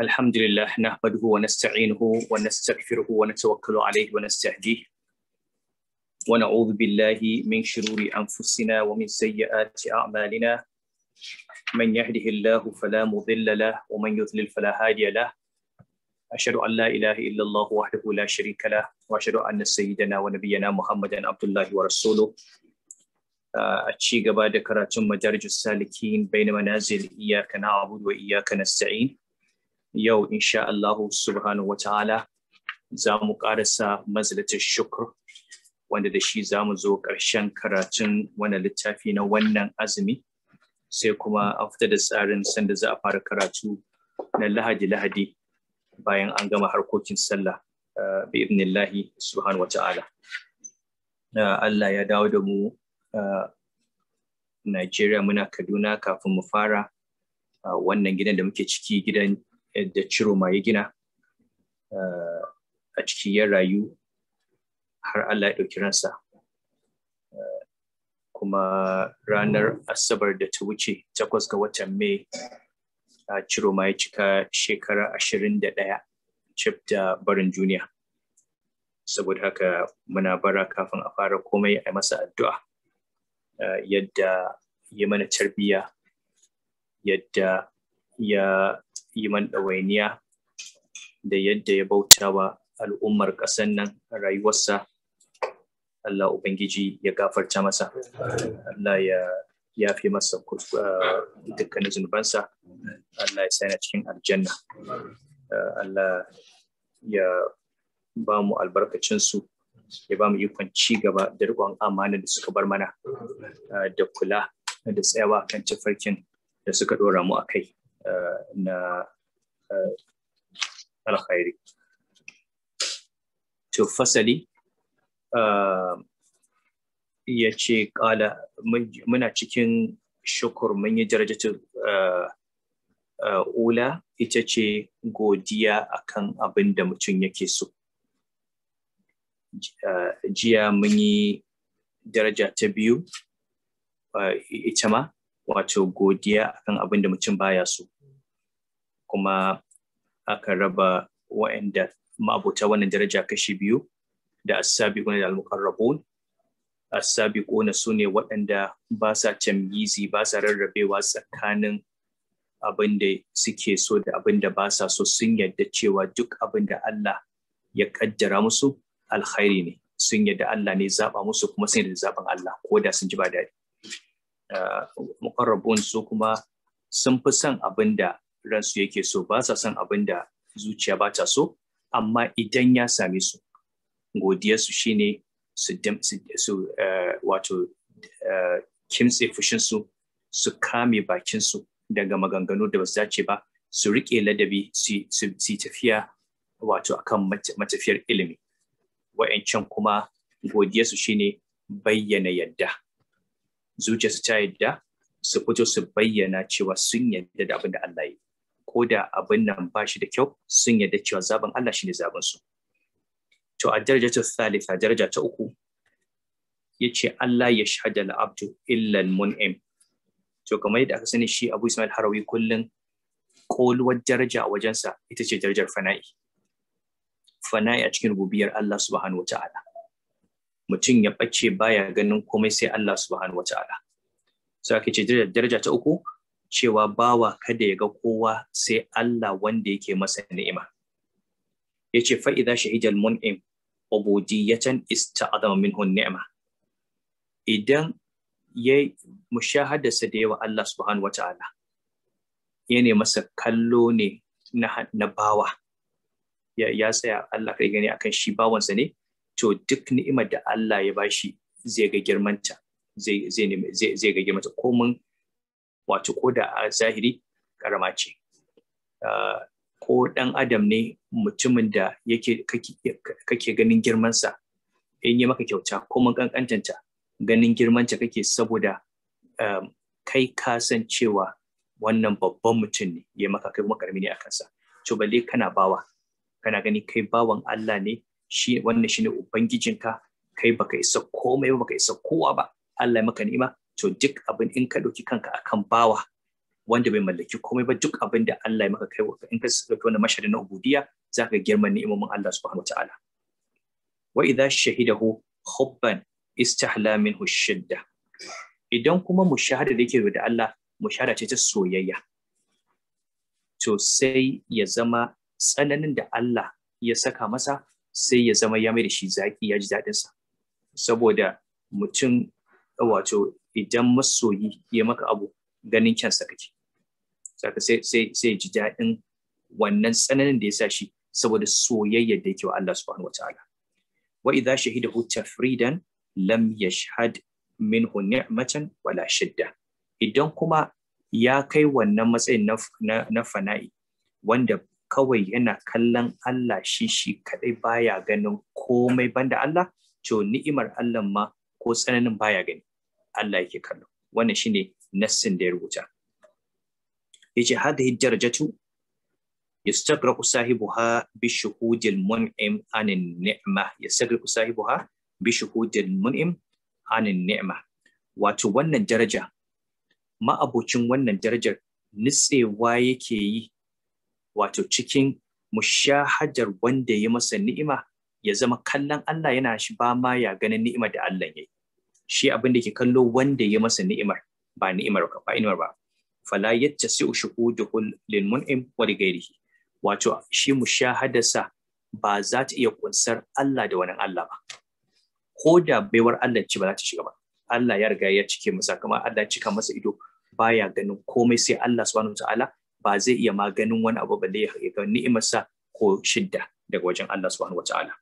الحمد لله نحمده ونستعينه ونستغفره ونتوكل عليه ونستهديه ونعوذ بالله من شرور أنفسنا ومن سيئات أعمالنا من يهده الله فلا مضل له ومن يضلل فلا هادي له أشهد أن لا إله إلا الله وحده لا شريك له وأشهد أن سيدنا ونبينا محمدا عبد الله ورسوله a ci gaba da karatun majalijus salikin bai na manazil iyaka na abudu wa iyaka nasta'in yau insha Allahu subhanahu wa ta'ala za mu ƙarasa mazalatar shukur wanda da shi za mu zo ƙarshen karatun wani littafi na wannan azumi sai kuma after da tsarin sanda za a fara karatu na lahadi-lahadi bayan an gama harkokin sallah eh, bi ibnillahi subhanahu wa ta'ala. Allah ya dawo da mu eh, Najeriya muna Kaduna kafin mu fara eh, wannan gidan da muke ciki gidan yadda Ciroma ya gina eh, a ciki ya rayu har Allah ya ɗauki ransa. Eh, kuma ranar Asabar da ta wuce takwas ga watan Mai a Ciroma ya cika shekara ashirin da ɗaya da barin juniya. Saboda haka muna bara kafin a fara komai a masa addu'a. Eh, yadda ya mana tarbiyya, yadda ya iman ɗawainiya da yadda ya bauta wa al'ummar ƙasar nan rayuwarsa Allah Ubangiji ya gafarta masa Allah ya yafe masa ah, dukkanin zunubansa Allah ya sani cikin aljanna ah, Allah ya ba mu albarkacinsu ya ba mu ikon ci gaba da riƙon amana da suka bar mana ah, da kula da tsayawa kan tafarkin da suka ɗora mu a kai na e, alkhairi to fasali e, ya ce ƙala. muna cikin shukur mun yi darajatul e, ula ita ce godiya akan abin da mutum yake so jiya mun yi daraja ta biyu ita ma wato godiya akan abin da mutum baya so kuma aka raba wa'anda ma'abuta wannan daraja kashi biyu da kuna da asabi muqarrabun su sune waɗanda ba sa tamyizi ba sa rarrabewa tsakanin abin da suke so da abin da ba sa so sun yadda cewa duk abin da Allah ya kaddara musu alkhairi ne sun yadda Allah ne zaba musu kuma sun yadda zaban Allah ko da sun ji ba daɗi Uh, mukarrabun su kuma sun fi son abin da ransu yake so ba sa son abin da zuciya ba ta so amma idan ya same su godiyarsu shine su uh, wato uh, kimtse fushinsu su kame bakinsu daga maganganu da ba su dace ba su riƙe ladabi su tafiya wato akan matafiyar ilimi wa'yancan kuma godiyarsu shine bayyana yadda zuciyarsu ta yadda su fito su bayyana cewa sun yadda da abin da Allah yi ko da abin nan ba shi da kyau sun yadda cewa zaben Allah shine zaben su to a daraja ta daraja ta uku yace Allah ya shahada al-abdu illa al-mun'im to kamar yadda aka sani shi Abu Ismail Harawi kullun koluwar daraja wajensa ita ce darajar fana'i fana'i a cikin rububiyar Allah subhanahu wa ta'ala mutum ya ɓace baya ganin komai sai Allah subhanahu wa ta'ala sai ake ce daraja ta uku cewa bawa kada ya ga kowa sai Allah wanda yake masa ni'ima yace fa idza shahidal mun'im ubudiyatan ista'adama minhu ni'ima idan ya mushahadarsa da yawa Allah subhanahu wa ta'ala yana masa kallo ne na, bawa ya, ya tsaya Allah kai gani akan shi bawansa ne to duk ni'imar da Allah ya bashi zai ga girmanta zai zai zai ga girmanta komin wato ko da a zahiri karama ce ah, ko dan adam ne mutumin da yake kake ganin girmansa in yi maka kyauta komin kankantanta ganin girmanta kake saboda ah, kai ka san cewa wannan babban mutum ne ya maka kai karami ne a kansa to balle kana bawa kana gani kai bawan Allah ne shi wannan Ubangijin ubangijinka kai baka isa komai baka isa kowa ba Allah maka ni'ima to duk abin in ka ɗauki kanka akan bawa wanda bai mallaki komai ba duk abin da Allah ya maka kai in ka ɗauki wannan mashari na ubudiyya za ka girma ni'imomin Allah subhanahu wataala wa idza shahidahu hubban istahla minhu shidda idan kuma mushahada da yake da Allah mushahada ce ta soyayya to sai ya zama tsananin da Allah ya saka masa sai ya zama ya mai da shi zaki ya ji daɗinsa saboda mutum wato idan masoyi ya maka abu ganin kyansa kake saka sai sai sai ji daɗin wannan tsananin da ya sa shi saboda soyayya da yake wa Allah subhanahu wataala wa idza shahidahu tafridan lam yashhad minhu ni'matan wala shidda idan kuma ya kai wannan matsayin na, na, na fana'i wanda kawai yana kallon Allah shi shi kaɗai baya ganin komai banda Allah to ni'imar Allah ma ko tsananin baya gani Allah yake kallo wannan shine nassin da ya rubuta yace hadhihi darajatu yastagraqu sahibuha bi shuhudil mun'im anin ni'ma yastagraqu sahibuha bi shuhudil mun'im anin ni'ma wato wannan daraja ma'abocin wannan darajar nitsewa yake yi wato cikin mushahajar wanda ya masa ni'ima ya zama kallon Allah yana shi ba ma ya ganin ni'imar da Allah ya yi shi abin da ke kallo wanda ya masa ni'imar ba ni'imar ka ba ni'imar ba fala yattasi ushuhuduhu lil mun'im wa li wato shi mushahadarsa ba za ta iya kunsar Allah da wani Allah ba ko da baiwar Allah ci ba za ta shiga ba Allah ya riga ya cike masa kamar Allah cika masa ido baya ganin komai sai Allah subhanahu ta'ala? ba zai iya maganin wani abu balle ya ga ni'imarsa ko shidda daga wajen Allah subhanahu wataala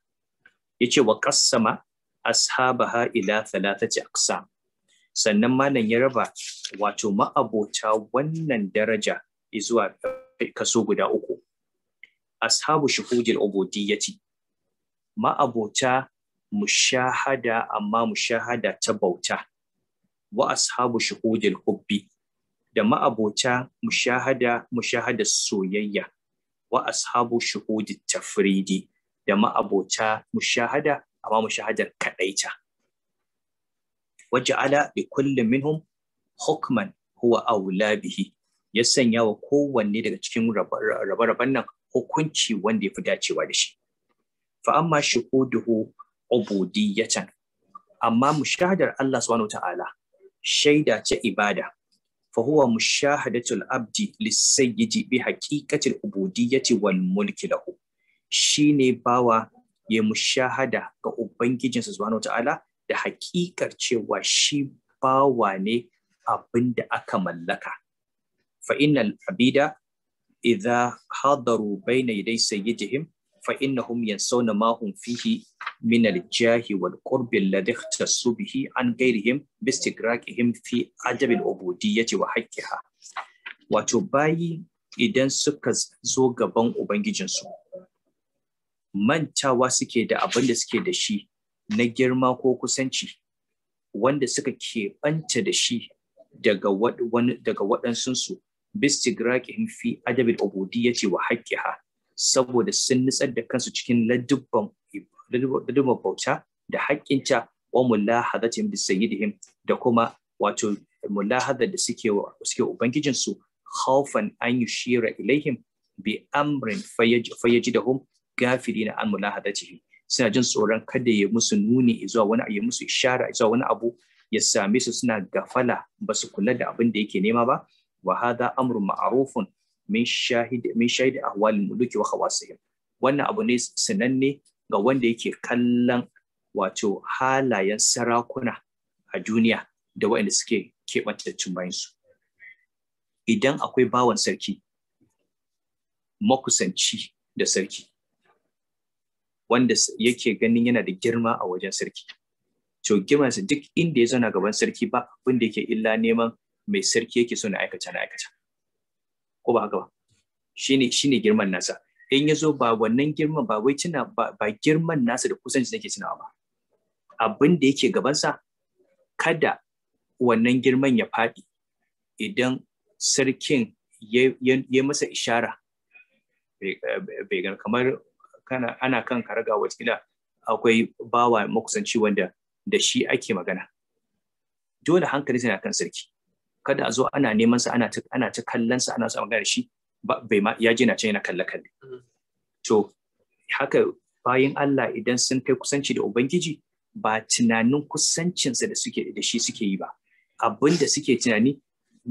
yace wa qassama ashabaha ila thalathati aqsam sannan malam ya raba wato ma'abota wannan daraja zuwa kaso guda uku ashabu shuhudil ubudiyyati ma'abota mushahada amma mushahada ta bauta wa ashabu shuhudil hubbi da ma'abota mushahada mushahada soyayya wa ashabu shuhudi tafridi da ma'abota mushahada amma mushahadar kadaita waj'ala bi kullum minhum hukman huwa awla bihi ya sanya wa kowanne daga cikin rabe nan hukunci wanda ya fi dacewa da shi fa amma shuhuduhu ubudiyatan amma mushahadar Allah subhanahu ta'ala shaida ce ibada fa huwa mushahadatul abdi lisayyidi bi haqiqatil ubudiyyati wal mulki lahu shine bawa ya mushahada ga ubangijinsa subhanahu ta'ala da haƙiƙar cewa shi bawa ne abinda aka mallaka fa innal abida idza hadaru bayna yaday sayyidihim fa innahum yansawna ma hum fihi min al-jahi wal qurbi alladhi ikhtassu bihi an ghairihim bi istigraqihim fi adab al-ubudiyyati wa haqqiha wato bayi idan suka zo gaban ubangijinsu mantawa suke da abin da suke da shi na girma ko kusanci wanda suka keɓanta da shi daga waɗansunsu bistigraqihim fi adabil ubudiyyati wa haqqiha saboda sun nutsar da kansu cikin ladubban bauta da haƙƙinta wa mulahadatin bi sayyidihim da kuma wato mulahada da suke suke ubangijin su khaufan an yushira ilaihim bi amrin fayajidahum gafirina an mulahadatihim suna jin tsoron kada ya musu nuni zuwa wani ya musu ishara zuwa wani abu ya same su suna gafala ba su kula da abin da yake nema ba wa hada amrun ma'arufun min shahid min shahid ahwalil muluki wa khawasihim wannan abu ne sananne ga wanda yake kallon wato halayen sarakuna a duniya da waɗanda suke keɓantaccen su idan akwai bawan sarki makusanci da sarki wanda yake ganin yana da girma a wajen sarki to girmansa duk inda ya zauna gaban sarki ba abin da yake illa neman mai sarki yake so na aikata na aikata ko ba haka ba shine shine girman nasa in ya zo ba wannan girman ba wai cina ba, girman nasa da kusanci nake cinawa ba abin da yake gabansa kada wannan girman ya faɗi idan sarkin ya masa ishara gan kamar kana ana kan ka karaga gida, akwai bawa makusanci wanda da shi ake magana dole hankali suna kan sarki kada a zo ana neman sa ana ta ana kallon sa ana sa magana shi bai ma ya na can yana kalle kalle mm-hmm. to haka bayan Allah idan sun kai kusanci da ubangiji ba tunanin kusancinsa da suke da shi suke yi ba abin da suke tunani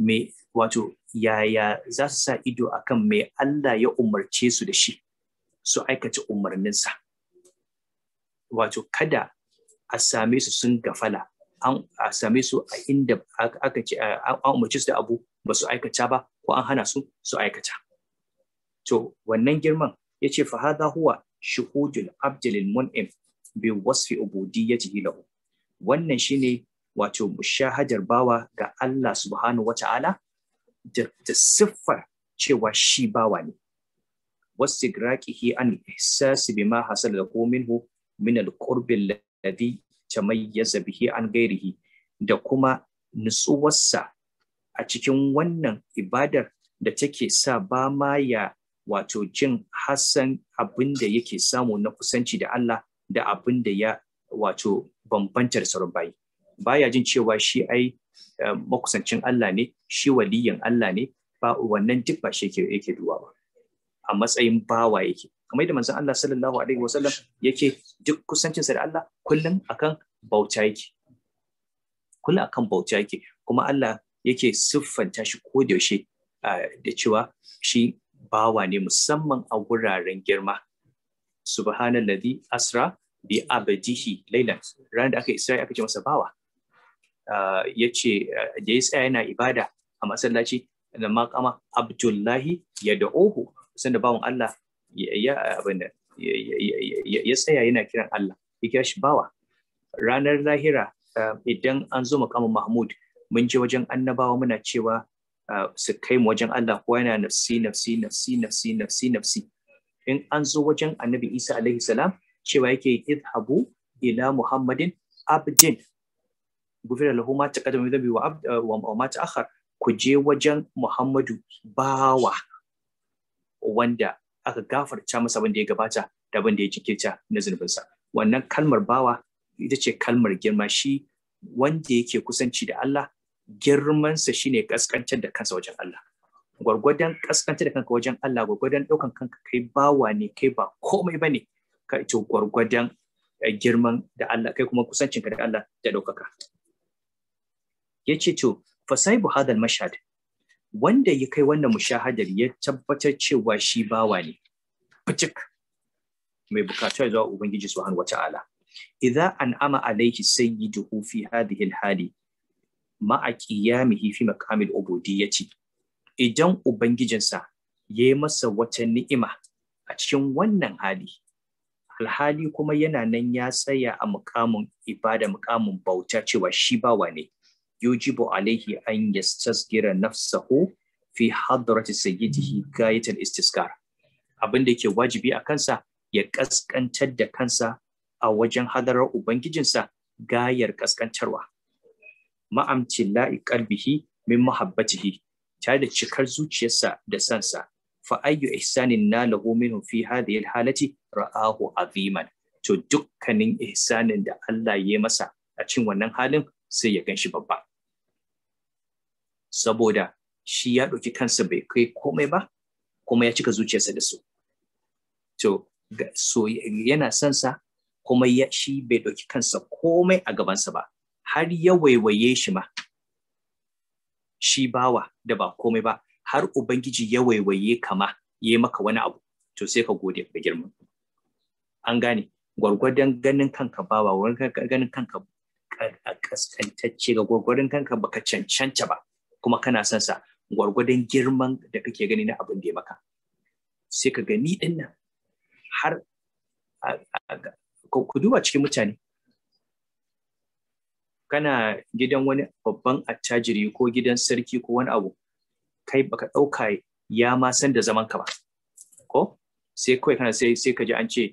me wato yaya za su sa ido akan me Allah ya umarce su da shi su aikata umarninsa wato kada a same su sun gafala an a same su a inda aka ce an umarci su da abu ba su aikata ba ko an hana su su aikata to wannan girman yace fa hadha huwa shuhudul abdil mun'im bi wasfi ubudiyyatihi lahu wannan shine wato mushahadar bawa ga Allah subhanahu wata'ala da siffar cewa shi bawa ne wastigraqihi an ihsasi bima hasala ko minhu min al-qurbi tamayyaza bihi an gairihi da kuma nutsuwarsa a cikin wannan ibadar da take sa ba ma ya wato jin hassan abin da yake samu na kusanci da Allah da abin da ya wato bambantar sarbai baya jin cewa shi ai eh, makusancin Allah ne shi waliyin Allah ne ba wannan duk ba shi yake duwa ba a matsayin bawa yake kamar yadda manzon Allah sallallahu alaihi wasallam yake duk kusancinsa da Allah kullum akan bauta yake kullum akan bauta yake kuma Allah yake siffanta shi ko da yaushe da cewa shi bawa ne musamman a wuraren girma subhanallazi asra bi abdihi lailan ranar da aka isra'i aka ce masa bawa yace da ya yana ibada a masallaci da makama abdullahi ya sanda bawan Allah ya tsaya yana kiran Allah ya kira shi bawa ranar lahira eh, idan an zo makamin Mahmud mun je wajen annabawa muna cewa eh, su kai mu wajen Allah ko yana nafsi nafsi nafsi nafsi nafsi nafsi in an zo wajen annabi Isa alaihi salam cewa yake idhabu ila Muhammadin abdin gufira lahu ma taqaddama min dhanbi wa eh, ma ta'akhkhar ku je wajen Muhammadu bawa wanda aka gafarta masa abin da ya gabata da abin da ya jinkirta na zunubinsa wannan kalmar bawa ita ce kalmar girma shi wanda yake kusanci da Allah girmansa shine kaskantar da kansa wajen Allah gwargwadon kaskantar da kanka wajen Allah gwargwadon ɗaukan kanka kai bawa ne kai ba komai ba ne to gwargwadon eh, girman da Allah kai kuma kusancinka da Allah da ɗaukaka ya ce to fasai hadal mashad. wanda ya kai wannan mushahadar ya tabbatar cewa shi bawa ne bacik mai bukatu zuwa ubangiji subhanahu wata'ala idza an'ama alayhi sayyiduhu fi hadhihi alhali ma ma'a qiyamihi fi maqamil ubudiyyati idan ubangijinsa ya yi masa wata ni'ima a cikin wannan hali alhali kuma yana nan ya tsaya a mukamin ibada mukamin bauta cewa shi bawa ne yujibu alaihi an yastasgira nafsahu fi hadrati sayyidihi gayatar istiskar abin da yake wajibi a kansa ya kaskantar da kansa a wajen hadarar ubangijinsa gayar kaskantarwa ma'amci la'i qalbihi min mahabbatihi tare da cikar zuciyarsa da sansa fa ayyu ihsanin nalahu minhu fi hadhihi halati ra'ahu aziman to dukkanin ihsanin da Allah ya masa a cikin wannan halin sai ya gan shi babba saboda shi ya ɗauki kansa bai kai komai ba kuma ya cika zuciyarsa da su to so yana son sa kuma ya shi bai ɗauki kansa komai a gabansa ba har ya waiwaye shi ma shi bawa da ba komai ba har ubangiji ya waiwaye kama ya maka wani abu to sai ka gode ka girma an gane gwargwadon ganin kanka bawa ganin kanka a kaskantacce ga gwargwadon kanka baka cancanta ba kuma kana son sa gwargwadon girman da kake gani na abin da ya maka sai ka gani din nan har ku duba cikin mutane kana gidan wani babban attajiri ko gidan sarki ko wani abu kai baka ɗauka ya ma san da zaman ka ba ko sai kawai kana sai sai ka ji an ce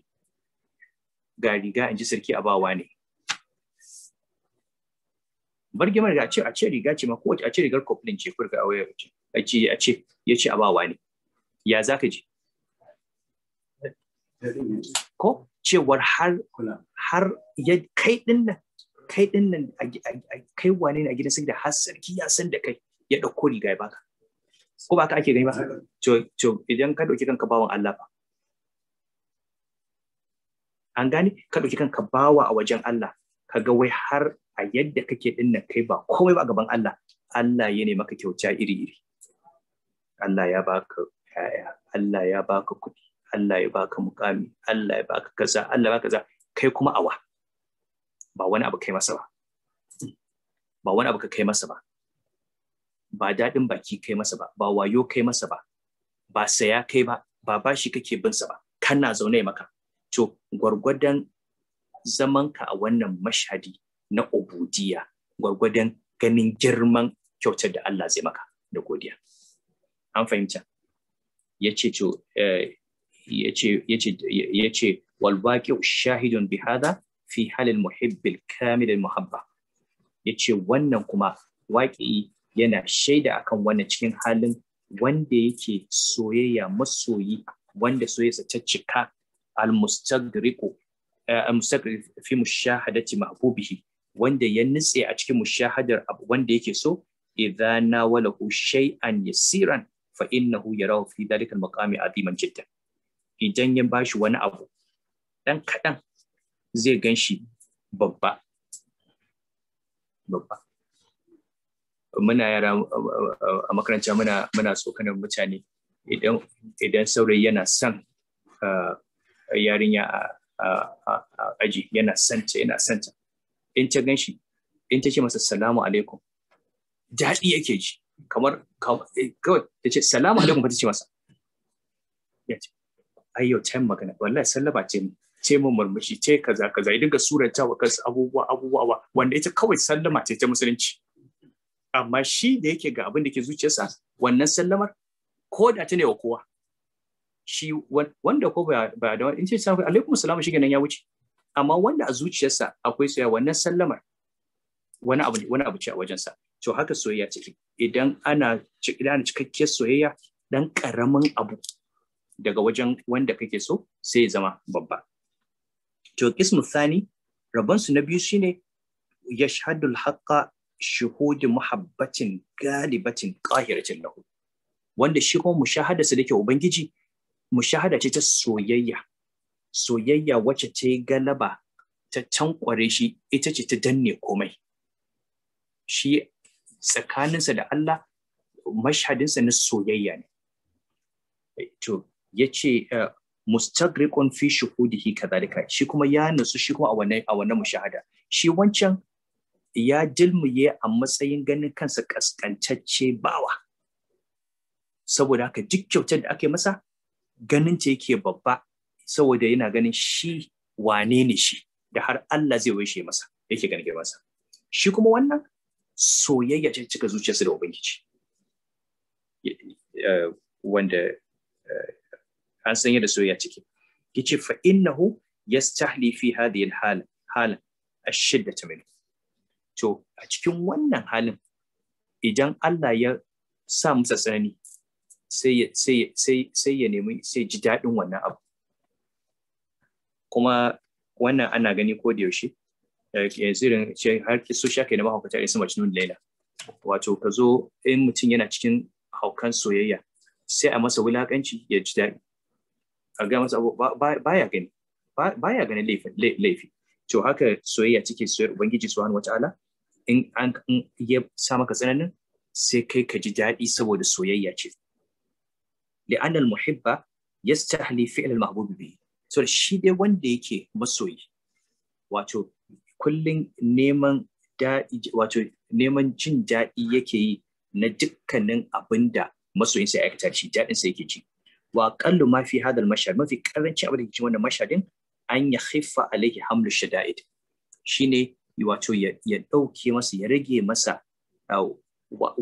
ga riga in ji sarki a bawa ne bargimar da a ce a ce riga ce ma ko a ce rigar koflin ce kurka a wayar ce a ce a ce ya ce a ba wani ya zaka ji ko cewar har har ya kai din nan kai din nan kai wani ne a gidan sarki da har sarki ya san da kai ya dauko riga ya baka ko ba ka ake gani ba to to idan ka dauki kanka bawan Allah ba an gane ka dauki kanka bawa a wajen Allah kaga wai har a yadda kake din kai ba komai ba gaban Allah Allah ya ne maka kyauta iri-iri Allah ya baka yaya Allah ya baka kuɗi Allah ya baka mukami Allah ya baka kaza Allah ya baka kaza kai kuma awa ba wani abu kai masa ba ba wani abu ka kai masa ba ba daɗin baki kai masa ba ba wayo kai masa ba ba saya kai ba ba bashi kake bin sa ba kana zaune maka to gwargwadon zamanka a wannan mashadi. na obudiya gwargwadon ganin girman kyautar da Allah zai maka da godiya an fahimta yace to eh, yace shahidun bi fi halin muhibbil kamilin muhabba Ya ce wannan kuma waƙi yana shaida a kan wannan cikin halin wanda yake soyayya masoyi wanda soyayya ta cika al mustagriqu eh, fi mushahadati mahbubihi wanda ya nutse a cikin mushahadar abu wanda yake so idza nawalahu shay'an yasiran fa innahu yarahu fi dhalika al-maqami aziman jiddan idan ya bashi wani abu dan kadan zai ganshi babba babba muna yara a makaranta muna muna tsokanar mutane idan idan saurayi yana son ah, yarinya a aji yana santa yana santa in ta gan shi in ta ce masa salamu alaikum daɗi yake ji kamar eh, kawai ta ce salamu alaikum ba ta ce masa ya ce ai yau yin magana wallahi sallaba ce ce mun murmushi ce kaza kaza ya dinga ta wa kansu abubuwa abubuwa wanda ita kawai sallama ce ta musulunci amma shi da yake ga abin da ke zuciyarsa wannan sallamar ko da ta ne wa kowa shi wanda ko ba da wani in ce alaikum salamu shi nan ya wuce amma wanda a zuciyarsa akwai soyayya wannan sallamar wani abu ne wani abu ce a wajensa to haka soyayya take idan ana idan cikakkiyar soyayya dan karamin abu daga wajen wanda kake so sai ya zama babba to kismu thani rabban su na biyu shine yashhadul haqqa shuhudu muhabbatin galibatin qahiratin lahu wanda shi kuma mushahadarsa dake ubangiji mushahada ce ta soyayya soyayya wacce ta yi galaba ta tankware shi ita ce ta danne komai shi tsakaninsa da Allah mashhadinsa na soyayya ne to ya ce eh, mustagrikon fi shuhudihi kadhalika shi kuma ya nutsu shi kuma a wannan a mushahada shi wancan ya dilmuye a matsayin ganin kansa kaskantacce bawa saboda haka duk kyautar da aka masa ganin ce yake babba saboda yana ganin shi wane ne shi da har Allah zai waishe masa yake ganin girmansa shi kuma wannan soyayya ce cika zuciyarsa da ubangiji eh, wanda eh, an san da soyayya ciki yace fa innahu yastahli fi hadhihi al halan ash-shiddata min to a cikin wannan halin idan Allah ya sa masa tsanani sai ya nemi sai ji daɗin wannan abu kuma wannan ana gani ko da yaushe eh, eh, zirin har kiso ake da mahaukata irin su majnun laila wato ka zo in mutum yana cikin haukan soyayya sai a masa wulakanci ya ji daɗi a ga masa baya gani baya gani laifi to haka soyayya take soyayyar ubangiji subhanahu wataala in an ya sa maka tsananin sai kai ka ji daɗi saboda soyayya ce li'anna muhibba yastahli fi'l al-mahbub bihi so shi dai wanda yake masoyi wato kullum neman daɗi wato neman jin daɗi yake yi na dukkanin abin da masoyinsa ya aikata shi daɗinsa yake ji wa kallu ma fi hadal mashar mafi karanci abin da ke wannan masharin an ya haifa alaihi hamlu shada'id shine wato ya ɗauke masa ya rage masa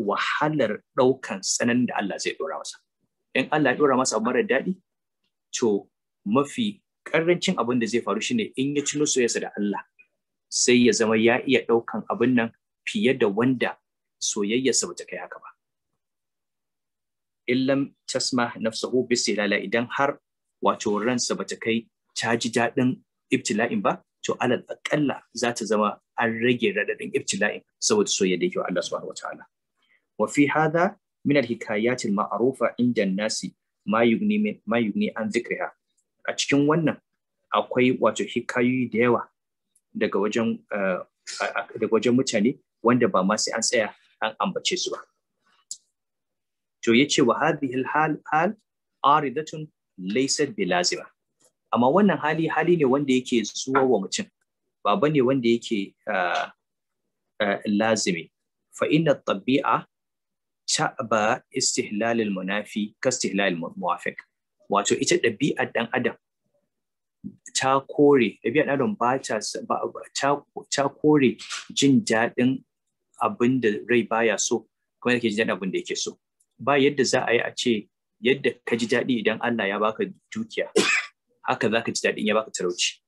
wahalar ɗaukan tsananin da Allah zai ɗora masa in Allah ya ɗora masa mara daɗi to mafi karancin abin da zai faru shine in ya cino soyayyarsa da Allah sai ya zama ya iya ɗaukan abin nan fiye da wanda soyayyarsa bata kai haka ba illam tasma nafsuhu bisilala idan har wato ransa bata kai ta ji daɗin ibtila'in ba to alal akalla za ta zama an rage radadin ibtila'in saboda soyayya da yake Allah subhanahu wataala wa fi hadha min al-hikayat al-ma'rufa inda an-nasi ma yugni ma yugni an dhikriha a cikin wannan akwai wato hikayoyi da yawa daga wajen eh, daga wajen mutane wanda ba ma sai an tsaya an ambace su ba to yace wa hadhihi hal hal aridatun laysat bilazima amma wannan hali hali ne wanda yake zuwa wa mutum ba bane wanda yake eh, eh, lazimi fa inna tabi'a ta'ba istihlal al-munafi ka istihlal al-muwafiq wato ita ɗabi'ar ɗan adam ta kore ɗabi'ar ɗan adam ba ta kore jin daɗin abin da rai baya so kuma yake jin daɗin abin da yake so ba yadda za a yi a ce yadda ka ji daɗi idan Allah ya baka dukiya haka za ka ji daɗin ya baka talauci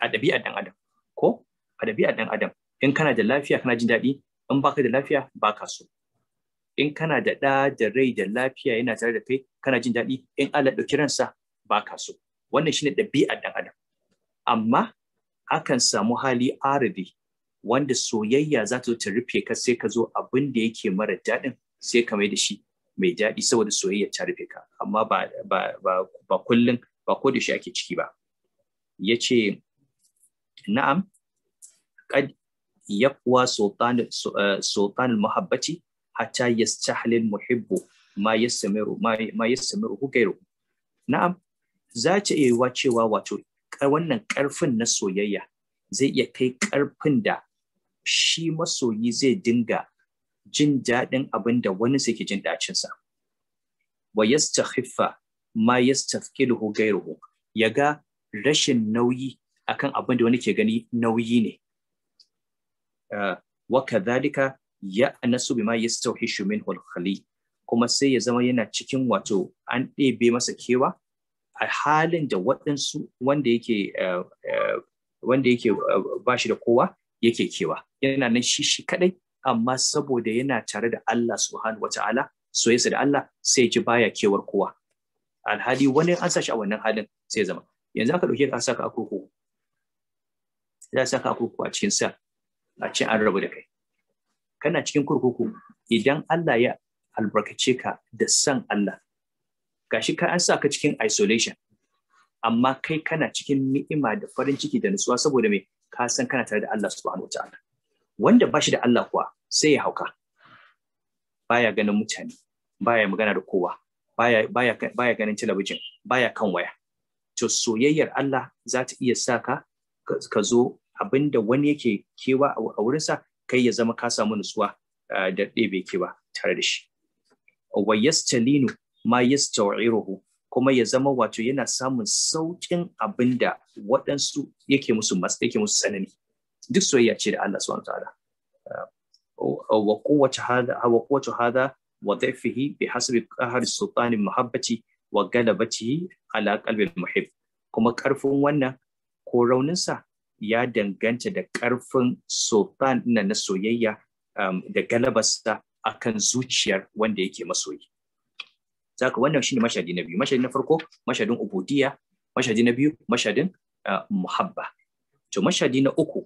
a ɗabi'ar ɗan adam ko a ɗabi'ar ɗan adam in kana da lafiya kana jin daɗi in baka da lafiya baka so in kana da ɗa da rai da lafiya yana tare da kai kana jin daɗi in Allah ɗauki ransa ba ka so wannan shine ɗabi'ar ɗan adam amma akan samu hali arabi wanda soyayya za ta zo ta rufe ka sai ka zo abin da yake mara daɗin sai ka mai da shi mai daɗi saboda soyayya ta rufe ka amma ba ba ba, ba kullum ba ko da shi ake ciki ba yace na'am qad yaqwa sultan eh, sultan muhabbati hatta yastahlil muhibbu ma yastamiru ma yastamiru hukairu na'am za ta iya yiwa cewa wato wannan karfin na soyayya zai iya kai karfin da shi masoyi zai dinga jin daɗin abin da wani ke jin sa wa yastakhiffa ma yastafkiluhu gairuhu ya ga rashin nauyi akan abin da wani ke gani nauyi ne eh, wa kadhalika ya anasu bima yastawhishu minhu al-khali kuma sai ya zama yana cikin wato an ɗebe masa kewa a halin da waɗansu wanda yake eh, eh, wanda yake eh, ba shi da kowa yake kewa yana nan shi shi kadai amma saboda yana tare da Allah subhanahu wata'ala soyayya da Allah sai ji baya kewar kowa alhali wani an sa shi a wannan halin sai zama yanzu aka dauke ka saka a za saka a a cikin sa a cikin an rabu da kai kana cikin kurkuku idan Allah ya albarkace ka da san Allah gashi ka an sa ka cikin isolation amma kai kana cikin ni'ima da farin ciki da nutsuwa saboda me ka san kana tare da Allah subhanahu wataala wanda ba shi da Allah kuwa sai ya hauka baya ganin mutane baya magana da kowa baya baya baya ganin talabijin baya kan waya to soyayyar Allah za ta iya saka ka zo abinda wani yake kewa a wurinsa kai ya zama ka samu nutsuwa da ɗebe ke ba tare da shi wa yastalinu ma yastawiruhu kuma ya zama wato yana samun sauƙin abin da waɗansu yake musu yake musu tsanani duk soyayya ce da Allah subhanahu ta'ala wa hada wa kowace hada wa dhaifihi bi hasbi qahri sultani mahabbati wa galabatihi ala qalbi muhib kuma karfin wannan ko rauninsa ya danganta da ƙarfin sultan na na soyayya um, da galabarsa kan zuciyar wanda yake masoyi. Zaka wannan shine mashadi na biyu. Mashadi na farko mashadin ubudiya, mashadi na biyu mashadin uh, muhabba. To mashadi na uku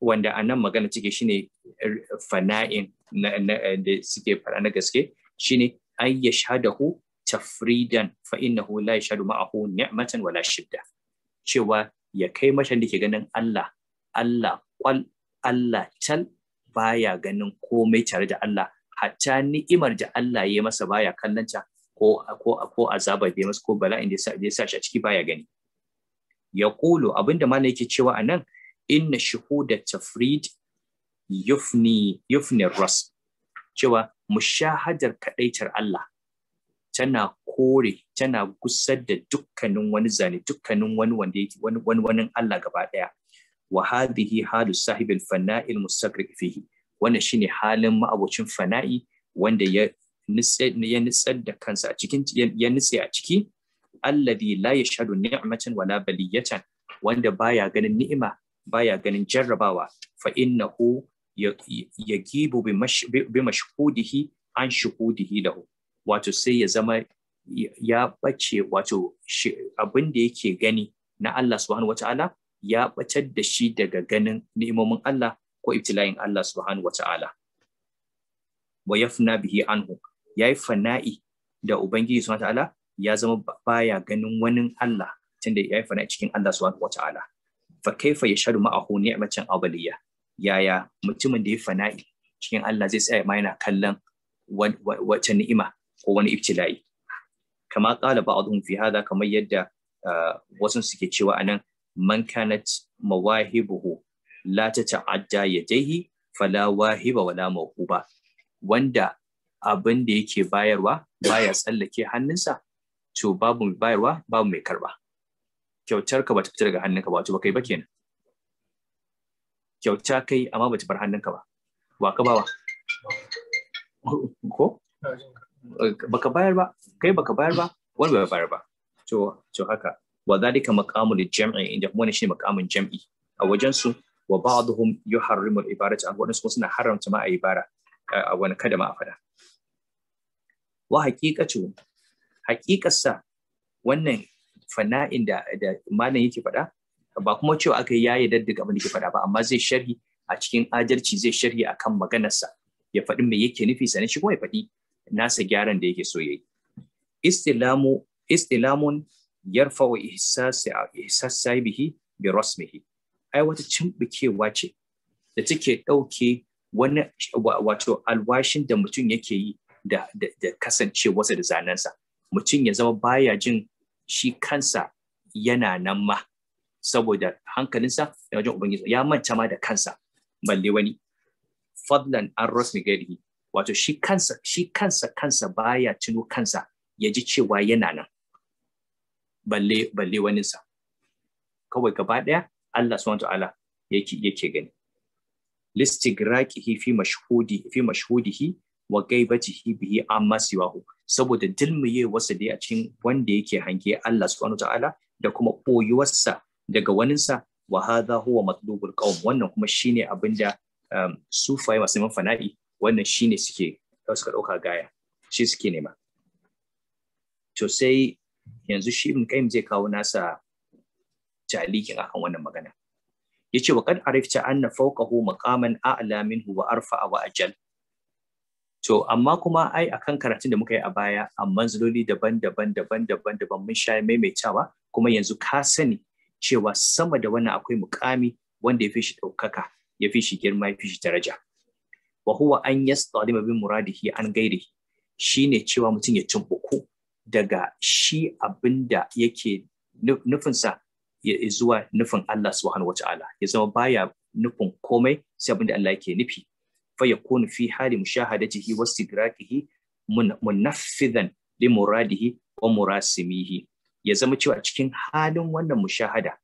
wanda a nan magana take shine uh, fana'in uh, da suke fara na gaske shine ay yashhadahu tafridan na innahu la yashhadu ma'ahu ni'matan wala shidda. Cewa ya kai mashan da ke ganin Allah Allah kwal Allah can baya ganin komai tare da Allah hatta ni'imar da Allah ya masa baya kallonta ko ko ko azaba da masa ko bala'in da ya sa shi a ciki baya gani ya kulu abinda mana yake cewa a nan inna shuhuda tafrid yufni yufni ras cewa mushahadar kadaitar Allah tana kore tana gusar da dukkanin wani zane dukkanin wani wanda yake wani wani Allah gaba daya wa hadhihi halu sahibil fana'il mustaqri fihi wannan shine halin ma'abocin fana'i wanda ya nitse ya nitsar da kansa a cikin ya nitse a ciki alladhi la yashhadu ni'matan wala baliyatan wanda baya ganin ni'ima baya ganin jarrabawa fa innahu yagibu bi mashhudihi an shuhudihi lahu wato sai ya zama ya bace wato abin da yake gani na Allah subhanahu wata'ala ya bacar da shi daga ganin ni'imomin Allah ko ibtila'in Allah subhanahu wata'ala wa yafna bihi anhu yayi fana'i da ubangiji subhanahu wata'ala ya zama baya ganin wani Allah tunda yayi fana'i cikin Allah subhanahu wata'ala fa kaifa yashhadu ma'ahu ni'matan awliya yaya mutumin da ya fana'i cikin Allah zai tsaya ma yana kallon wata ni'ima ko wani ibtila'i kama qala ba'dhum fi hada kamar yadda wasu suke cewa anan man kanat mawahibuhu la tata'adda yadayhi fala wahiba wala mawquba wanda abin da yake bayarwa baya tsallake hannunsa to babu mai bayarwa babu mai karba kyautar ka bata fita daga hannunka ba to ba kai ba kenan kyauta kai amma bata bar hannunka ba wa ka bawa ko baka bayar ba kai baka bayar ba wani bai bayar ba to to haka wa dhalika maqamul jam'i inda wani shi maqamun jam'i a wajen su wa ba'dhum yuharrimu al-ibarata an wani su suna haramta ma a ibara a wani kada ma a fada wa haqiqatu haqiqarsa wannan fana'in da da malam yake fada ba kuma cewa aka yi yayi daddaga abin da yake fada ba amma zai sharhi a cikin ajarci zai sharhi akan maganarsa ya faɗi me yake nufi sannan shi kuma ya faɗi nasa gyaran da yake so ya yi. istilamun yarfa wa ihsasi ihsasi bi rasmihi ai wata cimbikewa ce da take ɗauke wani wato alwashin da mutum yake yi da, da, da kasancewarsa da zanensa mutum ya zama baya jin shi kansa yana nan ma saboda hankalinsa ya wajen ubangiji ya manta ma da kansa balle wani fadlan an rasmi gari wato shi kansa shi kansa kansa baya tuno kansa ya ji cewa yana nan balle balle waninsa kawai gaba ɗaya Allah subhanahu ta'ala yake yake gani listigraqihi fi mashhudi fi mashhudihi wa gaibatihi bihi amma siwahu saboda dilmiyewarsa dai a cikin wanda yake hange Allah subhanahu ta'ala da kuma koyuwarsa daga waninsa wa hadha huwa matlubul qawm wannan kuma shine abinda um, sufai masu fana'i wannan shine suke suka ɗauka gaya shi suke nema to sai yanzu shi ibn qayyim zai kawo nasa talikin akan wannan magana yace wa kad arifta anna fawqahu maqaman a'la minhu wa arfa wa ajal to amma kuma ai akan karatun da muka yi a baya a zuloli daban-daban daban-daban daban mun sha maimaitawa kuma yanzu ka sani cewa sama da wannan akwai mukami wanda ya fi shi ɗaukaka ya fi shi girma ya fi shi daraja wa huwa an yastalima bin muradihi an gairihi shine cewa mutum ya cimbuku daga shi abinda yake nufinsa ya zuwa nufin Allah subhanahu wata'ala ya zama baya nufin komai sai abinda Allah yake nufi fa yakunu fi hali mushahadatihi wa istidrakihi munaffidan li muradihi wa murasimihi ya zama cewa cikin halin wannan mushahada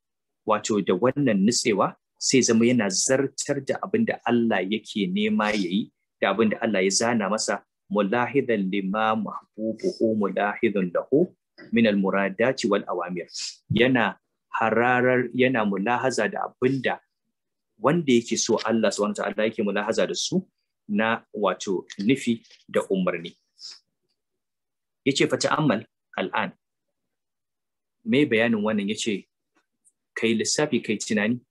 wato da wannan nutsewa sai zama yana zartar da abin da Allah yake nema ya yi da abin da Allah ya zana masa mulahidan lima mahbubuhu mulahidan lahu min almuradati wal awamir yana hararar yana mulahaza da abin da wanda yake so Allah subhanahu ta'ala yake mulahaza da su na wato nufi da umarni yace fa ta'ammal al'an me bayanin wannan yace kai lissafi kai tunani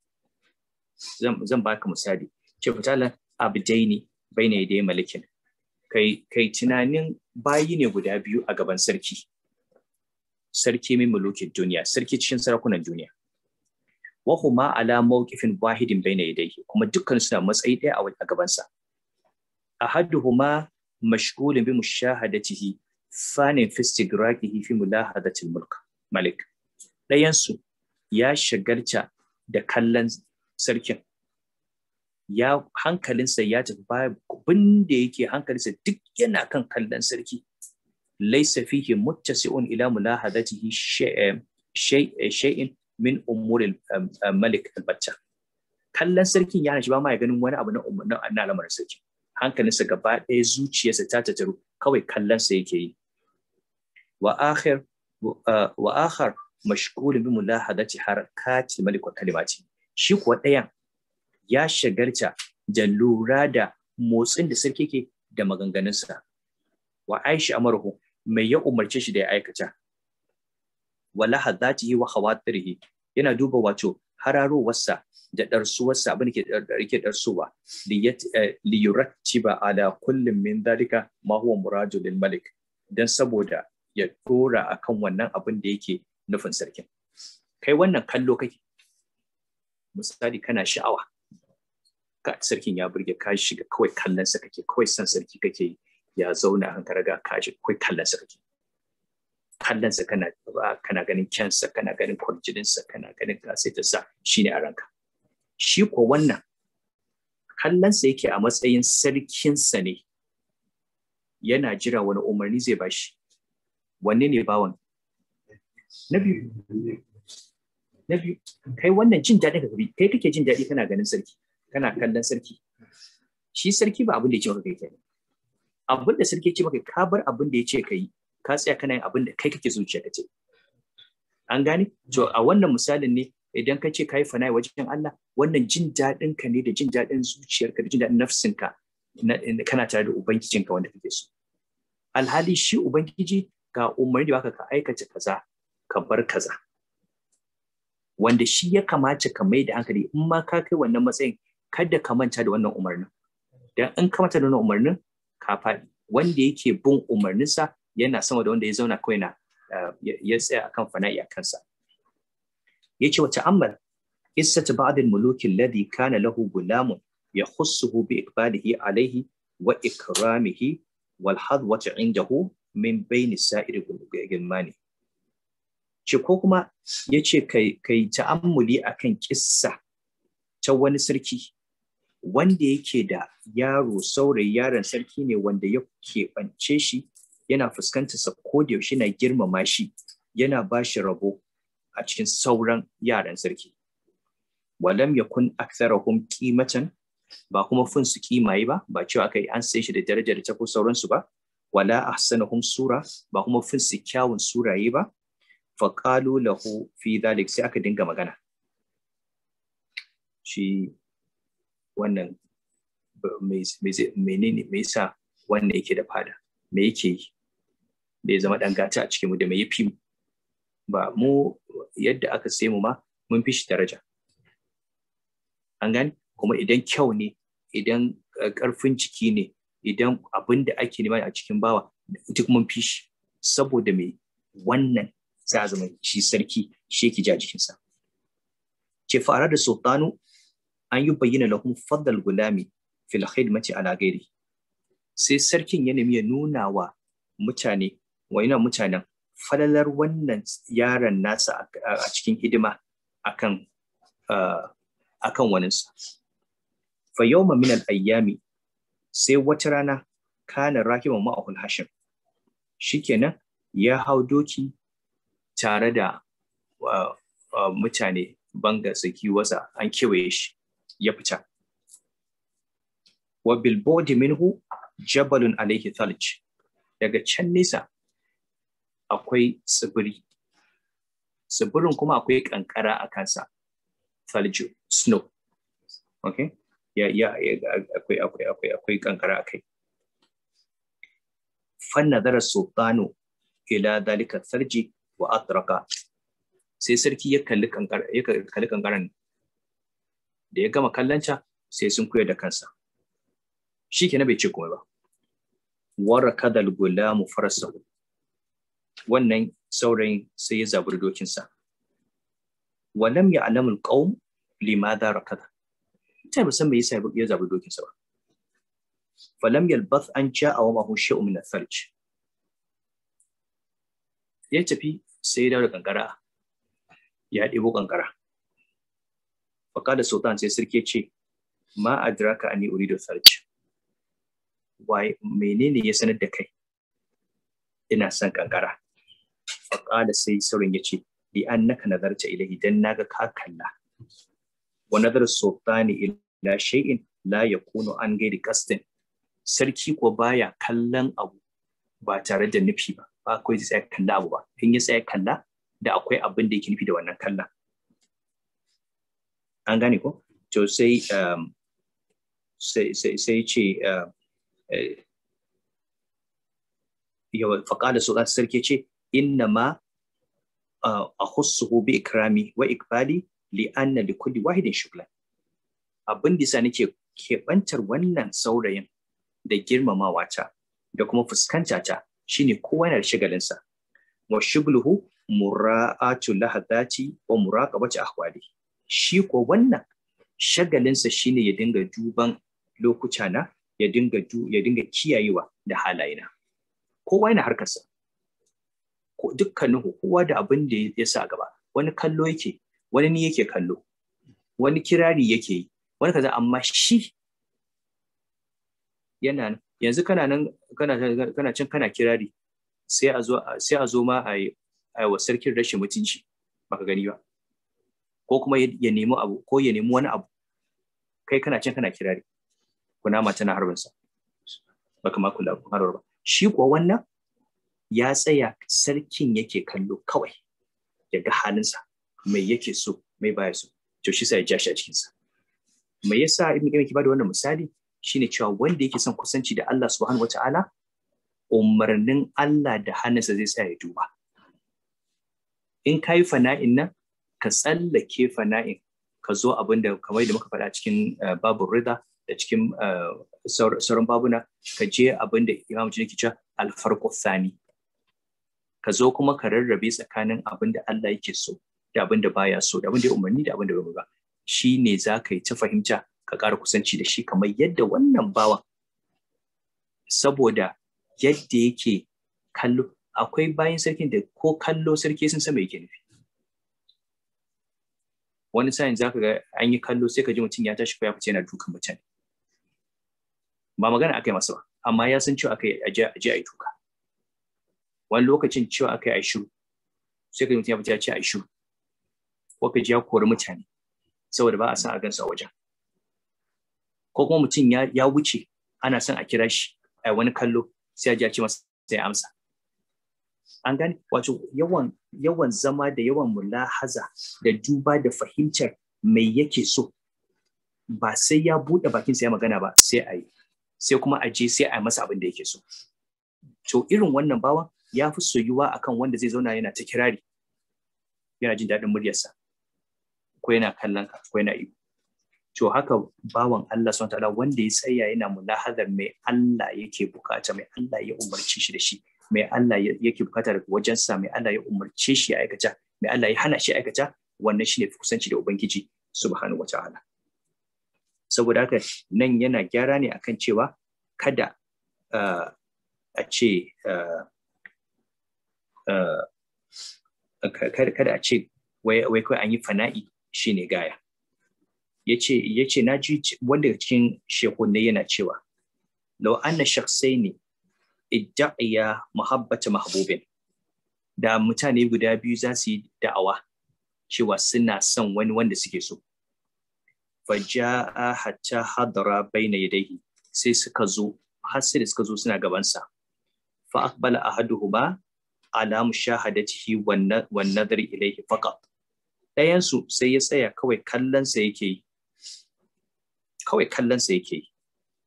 zan baka misali ce misali bai ne dai malikin kai kai tunanin bayi ne guda biyu a gaban sarki sarki mai mulukin duniya sarki cikin sarakunan duniya wahuma ala mawqifin wahidin baina yadayhi kuma dukkan suna matsayi ɗaya a gaban sa ahaduhuma mashghulun bi mushahadatihi fanin fi fi mulahadatil mulk malik dayan su ya shagarta da kallon sarkin ya hankalinsa ya tafi ba abin da yake hankalinsa duk yana kan kallon sarki laisa fihi muttasi'un ila mulahadatihi eh, eh, shay'in min umuril eh, malik albatta kallon sarkin ya shi ba ma ya ganin wani abu na umarnin lamarin sarki hankalinsa gaba ɗaya zuciyarsa ta tataru kawai kallonsa yake yi wa akhir wa akhar mashghulun bi mulahadati harakati malik wa kalimati shi kuwa ɗayan ya shagarta da lura da motsin da sarki ke da maganganunsa wa aishi amarhu mai ya umarce shi da ya aikata wala yi wa khawatirhi yana duba wato hararowarsa da darsuwarsa abin ke darke darsuwa li eh, yurattiba ala kullin min dalika ma huwa muradu lil malik dan saboda ya dora akan wannan abin da yake nufin sarkin kai wannan kallo kake misali kana sha'awa ka sarkin ya burge ka shiga kawai kallon sa kake kawai san sarki kake ya zauna an hankali, ka shiga kawai kallon sa kake kallon sa kana kana ganin kyansa kana ganin kwarjinin sa kana ganin kasaita sa shine a ranka shi ko wannan kallon sa yake a matsayin sarkin sa ne yana jira wani umarni zai bashi wanne ne bawan na biyu na biyu kai wannan jin daɗin ka kai kake jin daɗi kana ganin sarki kana kallon sarki shi sarki ba abin da ya ce maka kai kai abin da sarki ya ce maka ka bar abin da ya ce kai ka tsaya kana yin abin da kai kake zuciya ka ce an gane to a wannan misalin ne idan ka ce kai fana'i wajen Allah wannan jin daɗin ka ne da jin daɗin zuciyarka da jin daɗin nafsinka kana tare da ubangijinka wanda kake so alhali shi ubangiji ga umarni da baka ka aikata kaza ka bar kaza wanda shi ya kamata ka mai da hankali in ma ka kai wannan matsayin kada ka manta da wannan umarnin dan in ka manta da wannan umarnin ka faɗi wanda yake bin umarninsa yana sama da wanda ya zauna kawai na ya tsaya akan fana'i a kansa yace wata ta'ammal qissatu ba'd al-muluk alladhi kana lahu gulamun alayhi wa ikramihi wal hadwati indahu min bayni sa'iri gulmani ce ko kuma ya ce kai ta'ammuli a kan kisa ta wani sarki wanda yake da yaro saurayi yaron sarki ne wanda ya keɓance shi yana sa ko da yaushe na girmama shi yana ba shi rabo a cikin sauran yaran sarki walam yakun aktharahum kimatan? ba kuma fun su kimaye ba ba cewa kai an sai shi da darajar ta ko sauransu ba wala ahsanahum sura ba kuma fun su kyawun suraye ba faƙalu lahu fi dhalik sai aka dinga magana shi wannan menene me yasa wannan yake da fada me yake yi da ya zama dan gata a cikin mu da me yafi mu ba mu yadda aka sai mu ma mun fi shi daraja an gani kuma idan kyau ne idan eh, ƙarfin ciki ne idan abin da ake nema a cikin bawa duk mun fi shi saboda me wannan sai a zama shi sarki shi yake ja jikinsa ce fara da sultanu an yi bayyana lahum faddal gulami fil khidmati ala gairi sai sarkin ya nemi ya nuna wa mutane mutanen falalar wannan yaron nasa a cikin hidima akan akan waninsa fa yawma min ayyami sai wata rana kana rakiban ma'ahul hashim shikenan ya hau doki tare da mutane banga saki wasa an kewaye shi ya fita wa bilbodi minhu jabalun alaihi thalj daga can nesa akwai tsibiri tsibirin kuma akwai kankara a kansa thalju snow okay ya ya akwai akwai akwai akwai kankara akai fan nadara sultanu ila dalika sarji wa atraka sai sarki ya kalli kankara ya kalli kankaran da ya gama kallanta sai sun kuya da kansa shi kenan bai ce komai ba dal gulam farasahu wannan saurayin sai ya zaburi dokinsa walam ya alamul qaum limadha rakada ta musan bai sai yasa ya zaburi dokinsa ba falam yalbath an ja'a wa ma hu shay'un min al-thalj ya tafi sai ya dawo da kankara ya ɗebo kankara faka da sultan sai sarki ce ma adraka ani da sarci. wai menene ya sanar da kai ina son kankara faka da sai saurin ya ce an annaka nazarta ilahi dan naga ka kalla wa nazar sultani ila shay'in la yakunu an gairi kastin sarki ko baya kallon abu ba tare da nufi ba ba kawai zai tsaya kalla abu ba in ya tsaya kalla da akwai abin da yake nufi da wannan kalla. an gane ko to sai um, sai ce um, eh, yawa faƙa da sarki ce inna ma uh, a hussu bi ikrami wa ikbali li anna li kulli wahidin shukla abin da sa nake keɓantar wannan saurayin da girmamawa ta da kuma fuskanta ta shine kowa yana da shagalinsa wa shugluhu mura'atu lahadati wa muraqabati ahwali shi ko wannan shagalinsa shine ya dinga duban lokuta na ya dinga ya dinga kiyayewa da halayena kowa yana harkarsa dukkanin kowa da abin da ya sa gaba wani kallo yake wani ni yake kallo wani kirari yake yi wani kaza amma shi yana yanzu kana nan kana kana cin kana kirari sai a zo sai a zo ma a yi wa sarkin rashin mutunci baka gani ba ko kuma ya nemi abu ko ya nemi wani abu kai kana cin kana kirari kunama tana harbin sa baka ma kula harbar ba shi kuwa wannan ya tsaya sarkin yake kallo kawai ya ga halinsa mai yake so mai baya so to shi sai ya ja shi a cikinsa me yasa ibn qayyim ke bada wannan misali shine cewa wanda yake son kusanci da Allah subhanahu wata'ala umarnin Allah da hannunsa zai tsaya ya duba in ka yi fana'in nan ka tsallake fana'in ka zo abin da kamar da muka faɗa cikin eh, babu rida da cikin eh, sauran babuna ka je abin da imam jini ke alfarko sani ka zo kuma ka rarrabe tsakanin abin da Allah yake so da abin da baya so da abin da umarni da abin da bai ba shi ne za ka yi ta fahimta ka ƙara kusanci da shi kamar yadda wannan bawan saboda yadda yake kallo akwai bayan sarkin da ko kallo sarki sun sama yake nufi wani sa'in za ka ga an yi kallo sai ka ji mutum ya tashi ko ya fice yana dukan mutane ba magana akai masa ba amma ya san cewa akai aje aje ai tuka wani lokacin cewa akai ai shiru sai ka ji mutum ya fice ya ce ai shiru ko ka ji ya kori mutane saboda ba a san a gansa a wajen ko kuma mutum ya, wuce ana son a kira shi a wani kallo sai a ce masa sai amsa an gane wato yawan yawan zama da yawan mulahaza da duba da fahimtar mai yake so ba sai ya buɗe bakin sai ya magana ba sai a yi sai kuma a je sai a yi masa abin da yake so to irin wannan bawan ya fi soyuwa akan wanda zai zauna yana ta kirari yana jin daɗin muryarsa ko yana kallon ka ko yana iyo to haka bawan Allah sun tala wanda ya tsaya yana mulahazar mai Allah yake bukata mai Allah ya umarci shi da shi mai Allah yake bukata daga wajensa mai Allah ya umarce shi aikata mai Allah ya hana shi aikata wannan shine kusanci da ubangiji subhanahu wataala saboda haka nan yana gyara ne akan cewa kada eh, a ce eh, eh, kada a ce wai kawai an yi fana'i shine gaya yace yace na ji wanda cikin shekunne yana cewa law anna shakhsaini idda'iya muhabbata mahbubin da mutane guda biyu za su yi da'awa cewa suna son wani wanda suke so faja'a hatta hadara baina yadayhi sai suka zo har sai suka zo suna gabansa fa aqbala ahaduhuma ala mushahadatihi wan nadri ilayhi faqat ɗayansu sai ya tsaya kawai kallonsa yake yi kawai kallonsa yake yi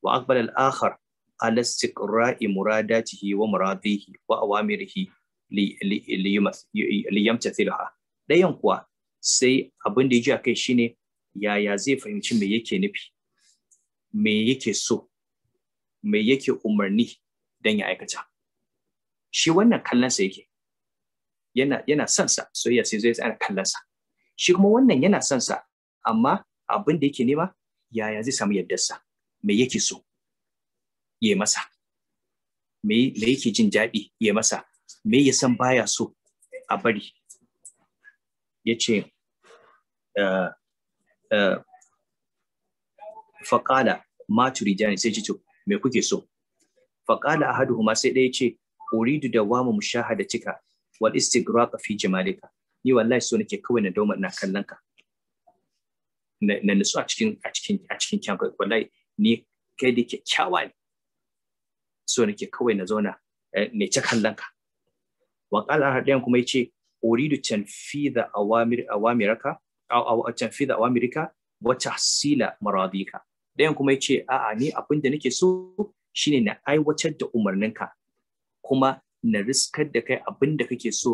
wa akbar al'akhar akhar ala istiqra'i muradatihi wa muradihi wa awamirihi li yamtathilha dayan kuwa sai abin da ya ji a kai shine yaya zai fahimci me yake nufi me yake so me yake umarni don ya aikata shi wannan kallonsa yake yana yana son sa soyayya sai zai tsaya kallonsa shi kuma wannan yana son sa amma abin da yake nema yaya zai samu yardarsa me yake so ya masa me me yake jin daɗi ya masa me ya san baya so a bari ya ce eh, eh, faƙala ma jani sai ce me kuke so faƙala a huma sai ɗaya ce uridu da wama mushahada cika wal istigraq fi jamalika ni wallahi so nake kawai na dauma ina kallon ka na nutsu a cikin a cikin a cikin kyan wallahi ni kai da kyakkyawa ne so nake kawai na zauna eh, ne ta kallon ka wa qala hadiyan kuma yace uridu tanfidha awamir awamiraka aw tanfidha awamirika wa tahsila maradika dayan kuma yace a ni abin da nake so shine na aiwatar da umarninka kuma na riskar da kai abin da kake so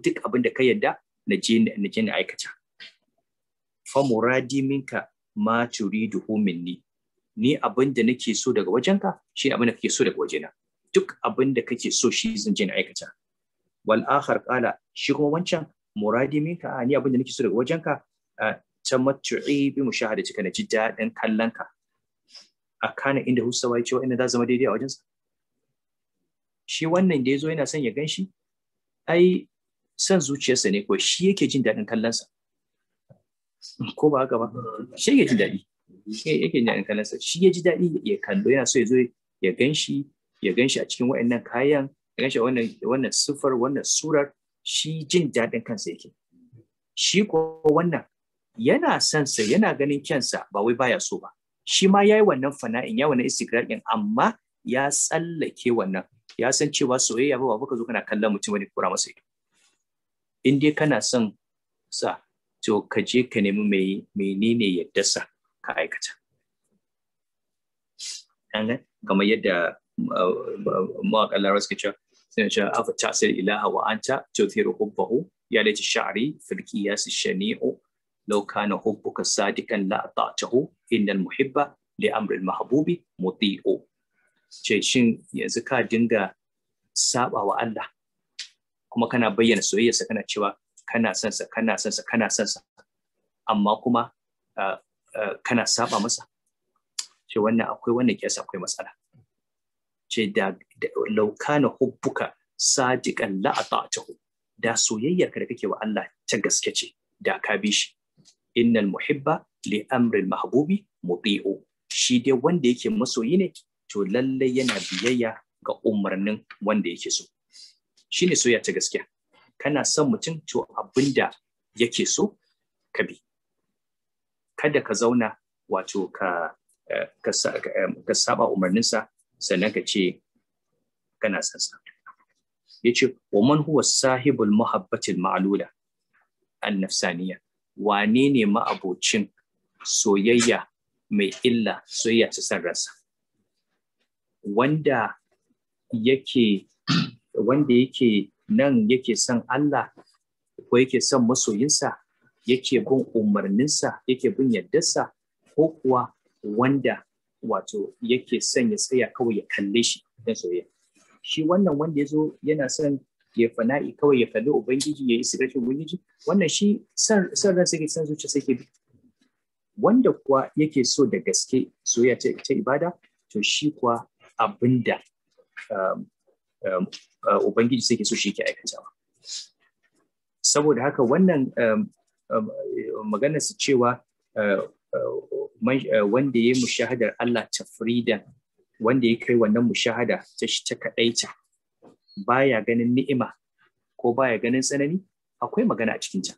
duk abin da ka yadda na je na aikata fa minka ma turiduhu minni ni abinda da nake so daga wajenka shi abin da kake so daga wajena duk abinda da kake so shi zan je na aikata wal akhar qala shi kuma wancan muradi minka ni abin da nake so daga wajenka ta matu'i bi cika na ji dadin kallonka a kana inda husawa ya ce wa'ina za zama daidai a wajensa shi wannan da ya zo yana son ya gan shi ai son zuciyarsa ne ko shi yake jin daɗin kallonsa ko ba haka ba shi ya ji daɗi yake jin daɗin kallonsa shi ya ji daɗi ya kallo yana so ya zo ya gan shi ya gan shi a cikin wa'annan kayan ya gan shi a wannan siffar wannan surar shi jin daɗin kansa yake shi ko wannan yana son sa yana ganin kyansa ba wai baya so ba shi ma yayi wannan fana'in ya wannan istiqrarin amma ya tsallake wannan ya san cewa soyayya ba ba ka zo kana kallon mutum wani kura masa ido in dai kana son sa to ka je ka nemi mai menene ya dasa ka aikata kamar yadda uh, mawaƙan larabar suke cewa suna cewa afa tasir ilaha wa anta tuthiru hubbahu ya laita sha'ri fil qiyas shani'u law kana hubbuka sadikan la ata'tahu innal muhibba li amri al mahbubi muti'u ce shin yanzu ka dinga saɓawa Allah kuma kana bayyana soyayyarsa kana cewa kana son sa kana son sa kana son sa amma kuma kana saba masa ce wannan akwai wannan kiyasa akwai matsala ce da laukana hubbuka sadiqan la ata'tahu da soyayyarka da kake wa Allah ta gaske ce da ka bi shi innal muhibba li amril mahbubi muti'u shi dai wanda yake masoyi ne to lalle yana biyayya ga umarnin wanda yake so shine soyayya ta gaskiya kana son mutum to abin da yake so ka bi kada ka zauna wato ka eh, eh, ka saba umarninsa sannan ka ce kana son sa ya ce wa man huwa sahibul muhabbatil ma'lula an nafsaniya wane ne ma'abocin soyayya mai illa soyayya ta san rasa wanda yake wanda yake nan yake son Allah ko yake son masoyinsa yake bin umarninsa yake bin yardarsa ko kuwa wanda wato yake son ya tsaya kawai ya kalle shi don soyayya shi wannan wanda ya zo yana son ya fana'i kawai ya kalli ubangiji ya yi sirrin ubangiji wannan shi son ran sai son zuciya sai ke bi wanda kuwa yake so da gaske soyayya ta ibada to shi kuwa abinda um, Um, uh, ubangiji sai ke so shi ke aikatawa saboda haka wannan um, um, maganar su cewa uh, uh, wanda ya yi mushahadar Allah ta freedom wanda ya kai wannan mushahada ta shi ta kadaita baya ganin ni'ima ko baya ganin tsanani akwai magana a cikin ta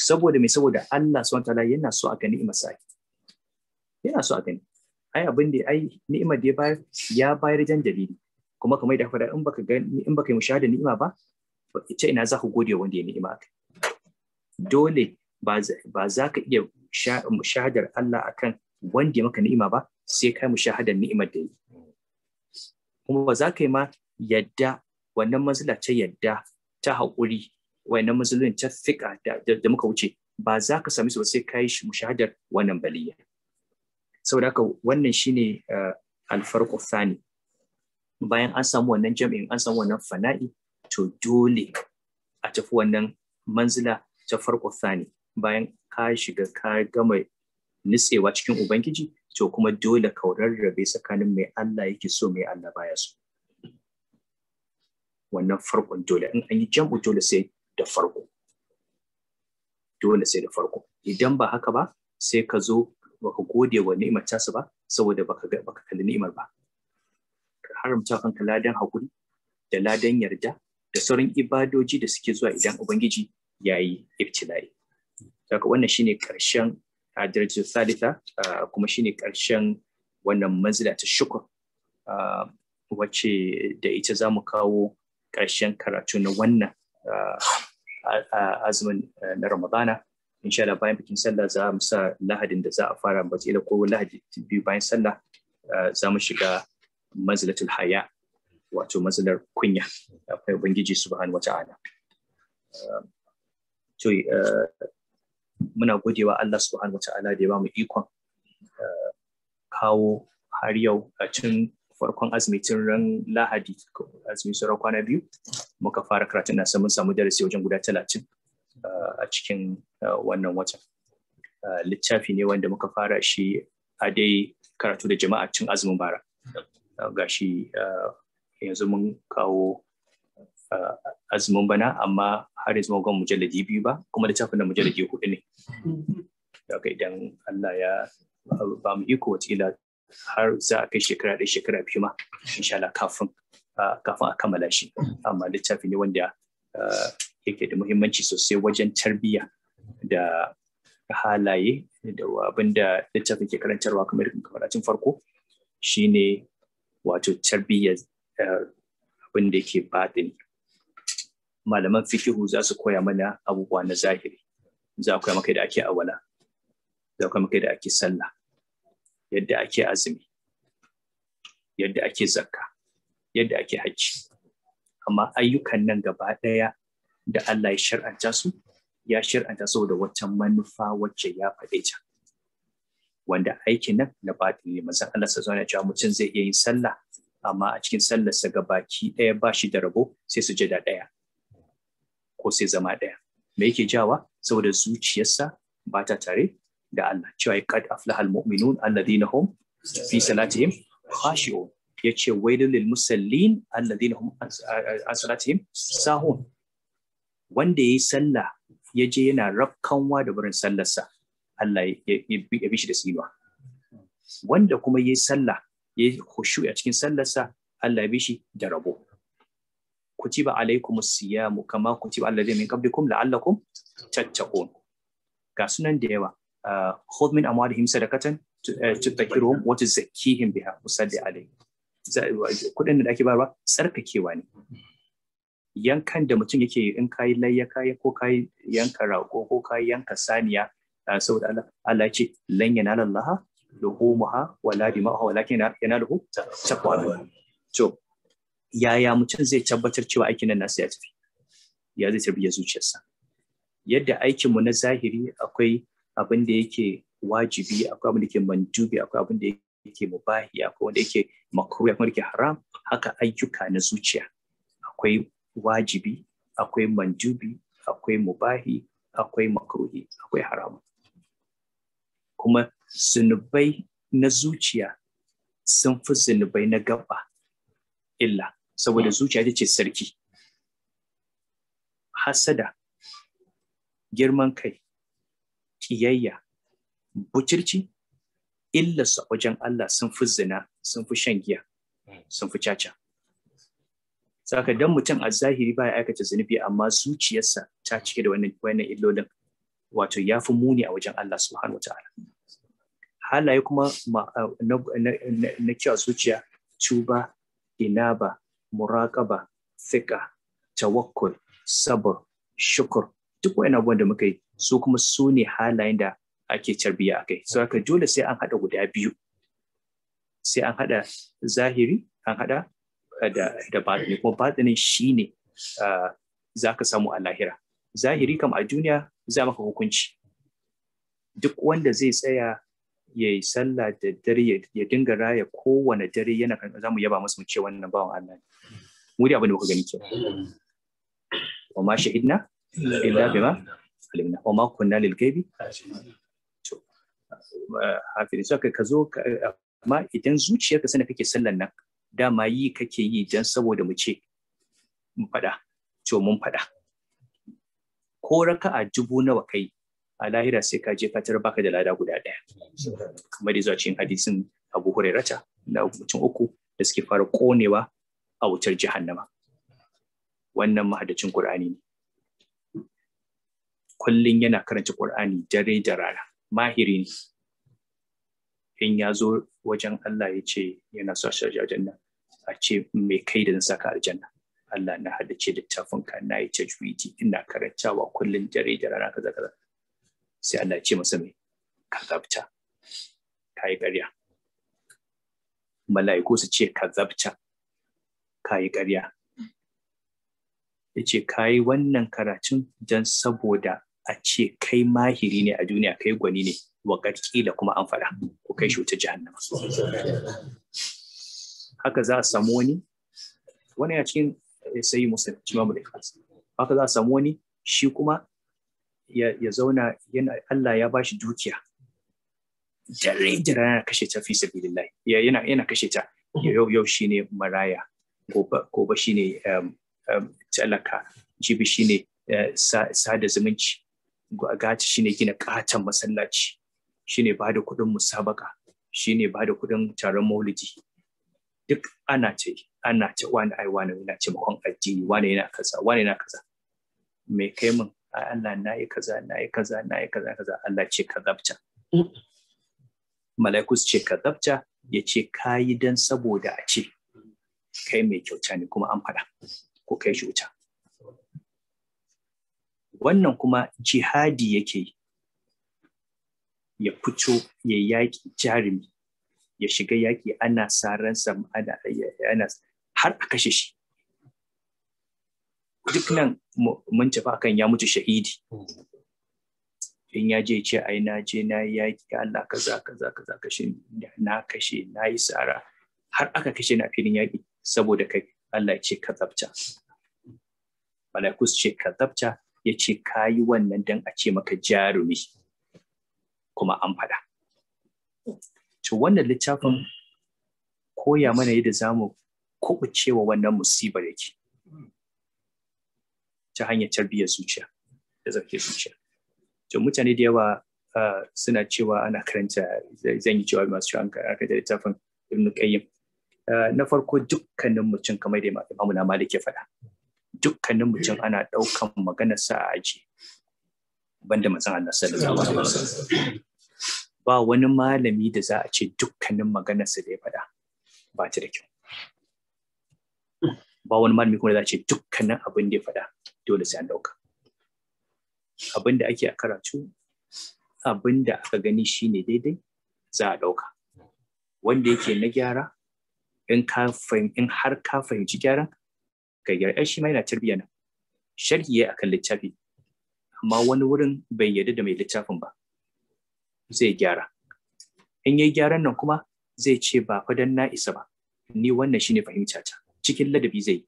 saboda mai saboda Allah su wataala yana so a gani ni'ima sai yana so a gani ai abin da ai ni'ima da ya bayar ya bayar jan dalili kuma kamar da faɗa in baka in baka yi mushahada ni'ima ba ce ina za ku gode wanda ya ni'ima ka dole ba za ka iya mushahadar Allah akan wanda ya maka ni'ima ba sai kai mushahadar ni'imar da yi kuma ba za ka yi ma yadda wannan matsala ta yadda ta haƙuri wannan matsalolin ta fiƙa da muka wuce ba za ka sami su ba sai kai shi mushahadar wannan baliya saboda haka wannan shine eh, alfarqu thani bayan an samu wannan jam'in an samu wannan fana'i to dole a tafi wannan manzila ta farko sani. bayan ka shiga ka gama nitsewa cikin ubangiji to kuma dole ka rarrabe tsakanin mai Allah yake so mai Allah baya so wannan farkon dole in an yi jam'u dole sai da farko dole sai da farko idan ba haka ba sai ka zo baka gode wa ni'imar tasu ba saboda baka baka kalli ni'imar ba haramta kanka ladan hakuri da ladan yarda da sauran ibadoji da suke zuwa idan ubangiji ya yi ibtila'i daga wannan shine karshen a salita kuma shine karshen wannan manzila ta shukur wacce da ita za mu kawo karshen karatu na wannan azumin na ramadana insha Allah bayan bikin sallah za mu sa lahadin da za a fara ba ko lahadi biyu bayan sallah za mu shiga manzilatul haya wato manzilar kunya akwai ubangiji subhanahu wata'ala ehm, to ehm, muna godewa Allah subhanahu wata'ala da ya bamu ikon ehm, kawo har yau a cin farkon azumi ran lahadi azumi sauran kwana biyu muka fara karatu na mun samu darasi wajen guda talatin a cikin wannan watan littafi ne wanda muka fara shi a dai karatu da jama'a cin azumin bara Ah, gashi ah, yanzu mun kawo ah, azumin bana amma har yanzu mun mujalladi biyu ba kuma littafin da mujalladi hudu ne daga idan Allah ya ba mu iko ila har za a kai shekara da shekara biyu ma insha Allah kafin a kammala shi amma littafi ne wanda yake da muhimmanci sosai wajen tarbiyya da halaye da abin da littafin ke karantarwa kamar karatun farko shine wato tarbiyyar eh, abin da ke baɗin malaman fikihu za su koya mana abubuwa na zahiri za koya maka da ake awala za koya maka da ake sallah yadda ake azumi yadda ake zakka yadda ake hajji amma ayyukan nan gaba ɗaya da Allah ya shar'anta su ya shar'anta saboda wata manufa wacce ya faɗe ta wanda aikin nan na batini ne manzon Allah sallallahu ya cewa mutum zai iya yin sallah amma a cikin sallarsa ga baki ɗaya ba shi da rabo sai su je da ɗaya ko sai zama ɗaya me yake jawa saboda zuciyarsa ba ta tare da Allah cewa kad aflahal mu'minun alladhina hum fi salatihim khashi'un yace wailul lil musallin alladhina hum an salatihim sahun wanda yayi sallah yaje yana rakkanwa da barin sallarsa Allah ya bi shi da tsinuwa wanda kuma ya yi sallah yi hushu a cikin sallarsa Allah ya bi shi da rabo kutiba alaikumus siyamu kama kutiba zai min qablikum la'allakum tattaqun ga sunan da yawa uh, khudh min amwalihim sadaqatan tutahhiruhum uh, wa tuzakkihim biha usalli alaihim kudin da ake bayarwa tsarkakewa ne yankan da mutum yake in kayi layya kayi ko kayi yanka rago ko kayi yanka saniya Ah, saboda Allah Allah ya ce lan yanala Allah luhumaha wala dima'uha walakin yanaluhu taqwa to yaya mutum zai tabbatar cewa aikin nan nasa ya tafi ya zai tarbiya zuciyarsa yadda aikinmu na zahiri akwai abin da yake wajibi akwai abin da yake mandubi akwai abin da yake mubahi akwai wanda yake makruh akwai wanda yake haram haka ayyuka na zuciya akwai wajibi akwai mandubi akwai mubahi akwai makruhi akwai haram kuma zunubai na zuciya sun fi zunubai na gaba illa saboda zuciya ta ce sarki hasada girman kai kiyayya, bucirci illa su wajen Allah sun fi zina sun fi shan giya sun fi caca saka dan mutum a zahiri baya aikata zunubi amma zuciyarsa ta cike da wannan illolin wato ya fi muni a wajen Allah subhanahu wataala halaye kuma na kyau zuciya tuba inaba muraƙaba thika tawakkul sabr shukur duk wani abubuwan da muka yi su kuma su ne halayen da ake tarbiyya a kai so haka dole sai an haɗa guda biyu sai an haɗa zahiri an haɗa da, da batini kuma batinin shi ne za ka samu a lahira zahiri kam a duniya za maka hukunci duk wanda zai tsaya ya yi sallah da dare ya dinga raya kowane dare yana za mu yaba masu mu ce wannan bawan Allah ne mu dai abin da muka gani ke wa ma shahidna illa bima alimna wa ma kunna lil ghaibi to ne saka ka zo amma idan zuciyarka sana kake sallan nan dama yi kake yi dan saboda mu ce mu fada to mun fada ko raka'a dubu nawa kai a lahira sai ka je ka baka da lada guda ɗaya kamar zuwa cikin hadisin Abu Hurairata da mutum uku da suke fara konewa a wutar jahannama wannan mahadacin Qur'ani ne kullum yana karanta Qur'ani dare da rana mahiri ne in ya zo wajen Allah ya ce yana so shi aljanna a ce mai kai da zan saka aljanna Allah na haddace littafin ka na yi ta juwiti ina karantawa kullum dare da rana kaza kaza sai Allah ya ce masa me kazabta kayi ƙarya mala'iku su ce kazabta yi ƙarya ya ce yi wannan karatun don saboda a ce kai mahiri ne a duniya kai gwani ne wa da kuma an faɗa ko kai shi jahannama haka za a samu wani wani a cikin Eh, sai muslim shi da kansa haka za a samu wani shi kuma ya, zauna yana Allah ya bashi dukiya dare dare yana kashe ta fi ya, yana yana kashe ta yau yau shine maraya gobe shine um, um, talaka jibi shine eh, sada zumunci gata shine gina katon masallaci shine ba da kuɗin musabaka shine ba da kuɗin taron maulidi duk ana ta ana ci wani ai wani yana taimakon addini wani yana kaza wani yana kaza me kai min Allah na yi kaza na yi kaza na yi kaza kaza Allah ce ka zabta mm. mala'iku ce ka zabta ya ce ka yi dan saboda a ce kai mai kyauta ne kuma an faɗa ko kai shi wuta wannan kuma jihadi yake yi ya fito ya yaƙi jarumi ya shiga yaƙi ana sa ransa ana har a kashe shi duk nan mun tafi akan ya mutu shahidi in ya je ce ai na je na yi yaƙi Allah kaza kaza kaza kashe na kashe na yi tsara har aka kashe na filin yaƙi saboda kai Allah ce ka zabta malakus ce ka zabta ya ce ka yi wannan dan a ce maka jarumi kuma an faɗa to wannan littafin koya mana yadda zamu kubucewa wannan musibar yake ta hanyar tarbiyyar zuciya da zarke zuciya to mutane da yawa suna cewa ana karanta zan yi cewa masu cewa an da littafin ibn qayyim na farko dukkanin mutum kamar da imamu na malik ya faɗa dukkanin mutum ana ɗaukan maganar sa a aji banda mazan Allah sallallahu alaihi wasallam ba wani malami da za a ce dukkanin maganarsa da ya faɗa ba ta da kyau ba wani malami kuma da ce dukkanin abin da ya faɗa dole sai an ɗauka abin da ake a karatu abin da aka gani shi ne daidai za a ɗauka wanda yake na gyara in har ka fahimci gyaran ka gyara ai shi ma yana tarbiyya nan sharhi yayi akan littafi amma wani wurin bai yarda da mai littafin ba zai gyara in yayi gyaran nan kuma zai ce ba fa na isa ba ni wannan shine fahimta ta cikin ladabi zai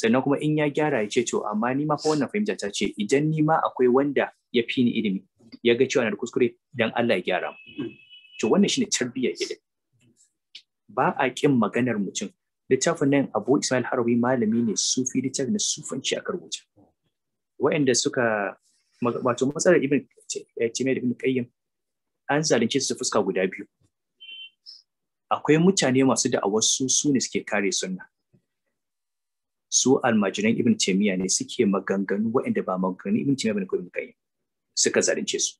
sannan kuma in ya gyara ya ce to amma ni ma fa wannan fahimta ta ce idan ni ma akwai wanda ya fi ni ilimi ya ga cewa na da kuskure dan Allah ya gyara mu to wannan shine tarbiyyar gida ba a kin maganar mutum littafin nan Abu Ismail Harawi malami ne sufi littafi na sufanci a rubuta waɗanda suka wato matsalar ibn Taymiyyah ibn Qayyim an zalunce su fuska guda biyu akwai mutane masu da'awar su su ne suke kare sunna su almajiran ibn taymiya ne suke maganganu waɗanda ba maganganu ibn taymiya bane kawai muka suka zalunce su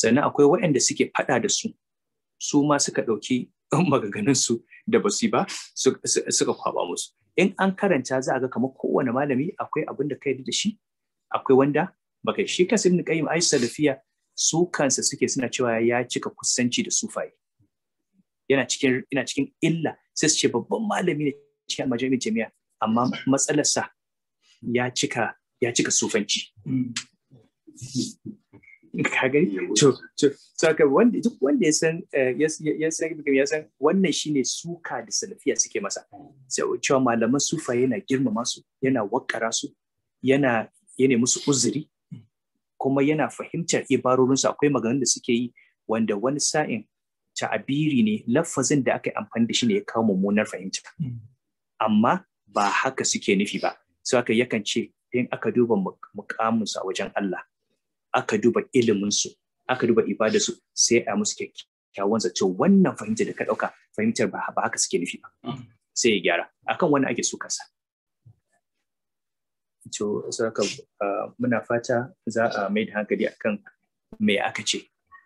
sannan akwai waɗanda suke faɗa da su su ma suka ɗauki maganganun su da basu ba suka kwaba musu in an karanta za a ga kamar kowane malami akwai abin da kai da shi akwai wanda baka shi kansa ibn qayyim ai salafiya su kansa suke suna cewa ya cika kusanci da sufaye yana cikin illa sai su ce babban malami ne cikin almajirin jami'a amma matsalarsa ya cika ya cika sufanci kagari to to wannan shine suka da salafiya suke masa sai cewa malaman sufa yana girmama su yana wakara su yana yana musu uzuri kuma yana fahimtar ibarorinsu akwai maganin da suke yi wanda wani sa'in ta'abiri ne lafazin da aka yi amfani da shi ne ya kawo mummunar fahimta hmm. amma ba haka suke nufi ba sai haka yakan ce in aka duba mukaminsu a wajen Allah aka duba iliminsu aka duba su sai a musu kyakkyawan zato wannan fahimtar da ka ɗauka fahimtar ba haka suke nufi ba sai ya gyara akan wani ake so kasa to saka muna fata za a mai da hankali akan me aka ce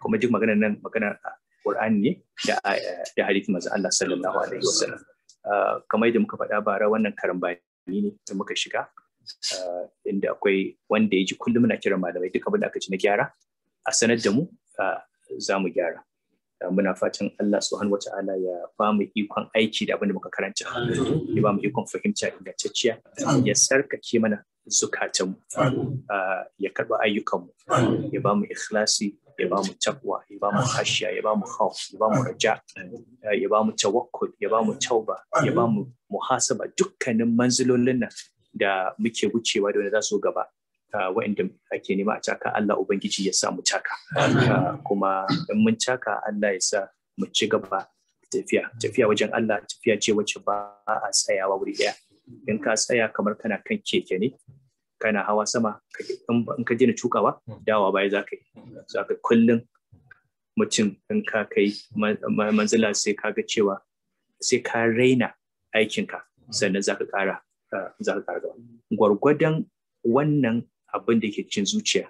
kuma duk maganar nan maganar Qur'ani ne da da manzo Allah sallallahu alaihi wasallam Eh, kamar da muka faɗa bara wannan karambani ne da muka shiga eh, inda akwai wanda ya ji kullum na kiran malamai duk abin da aka ci na gyara a sanar da mu eh, za mu gyara muna fatan Allah subhanahu wa Ta'ala ya ba mu ikon aiki da abin da muka karanta ya ba mu ikon fahimta ingantacciya ya sarkake mana zukatanmu ya karba ayyukanmu ya ba mu ikhlasi ya ba mu takwa ya ba mu ah. hashiya ya ba mu hau ya ba mu ah. raja eh, ya ba mu tawakkul ya ba mu ah. tauba ya ba mu muhasaba dukkanin manzilolin nan da muke wucewa da za su gaba wa'inda ake nema a caka Allah Ubangiji ya sa mu caka kuma in mun caka Allah ya sa mu ci gaba tafiya tafiya wajen Allah tafiya ce wacce ba a tsayawa wuri daya in ka tsaya kamar kana kan keke ne kana hawa sama in ka jina cukawa hmm. dawa baya za ka yi hmm. za ka kullum mutum in ka kai manzila sai ka ga cewa sai ka raina aikinka hmm. sannan za ka ƙara za ka gwargwadon wannan abin da ke cin zuciya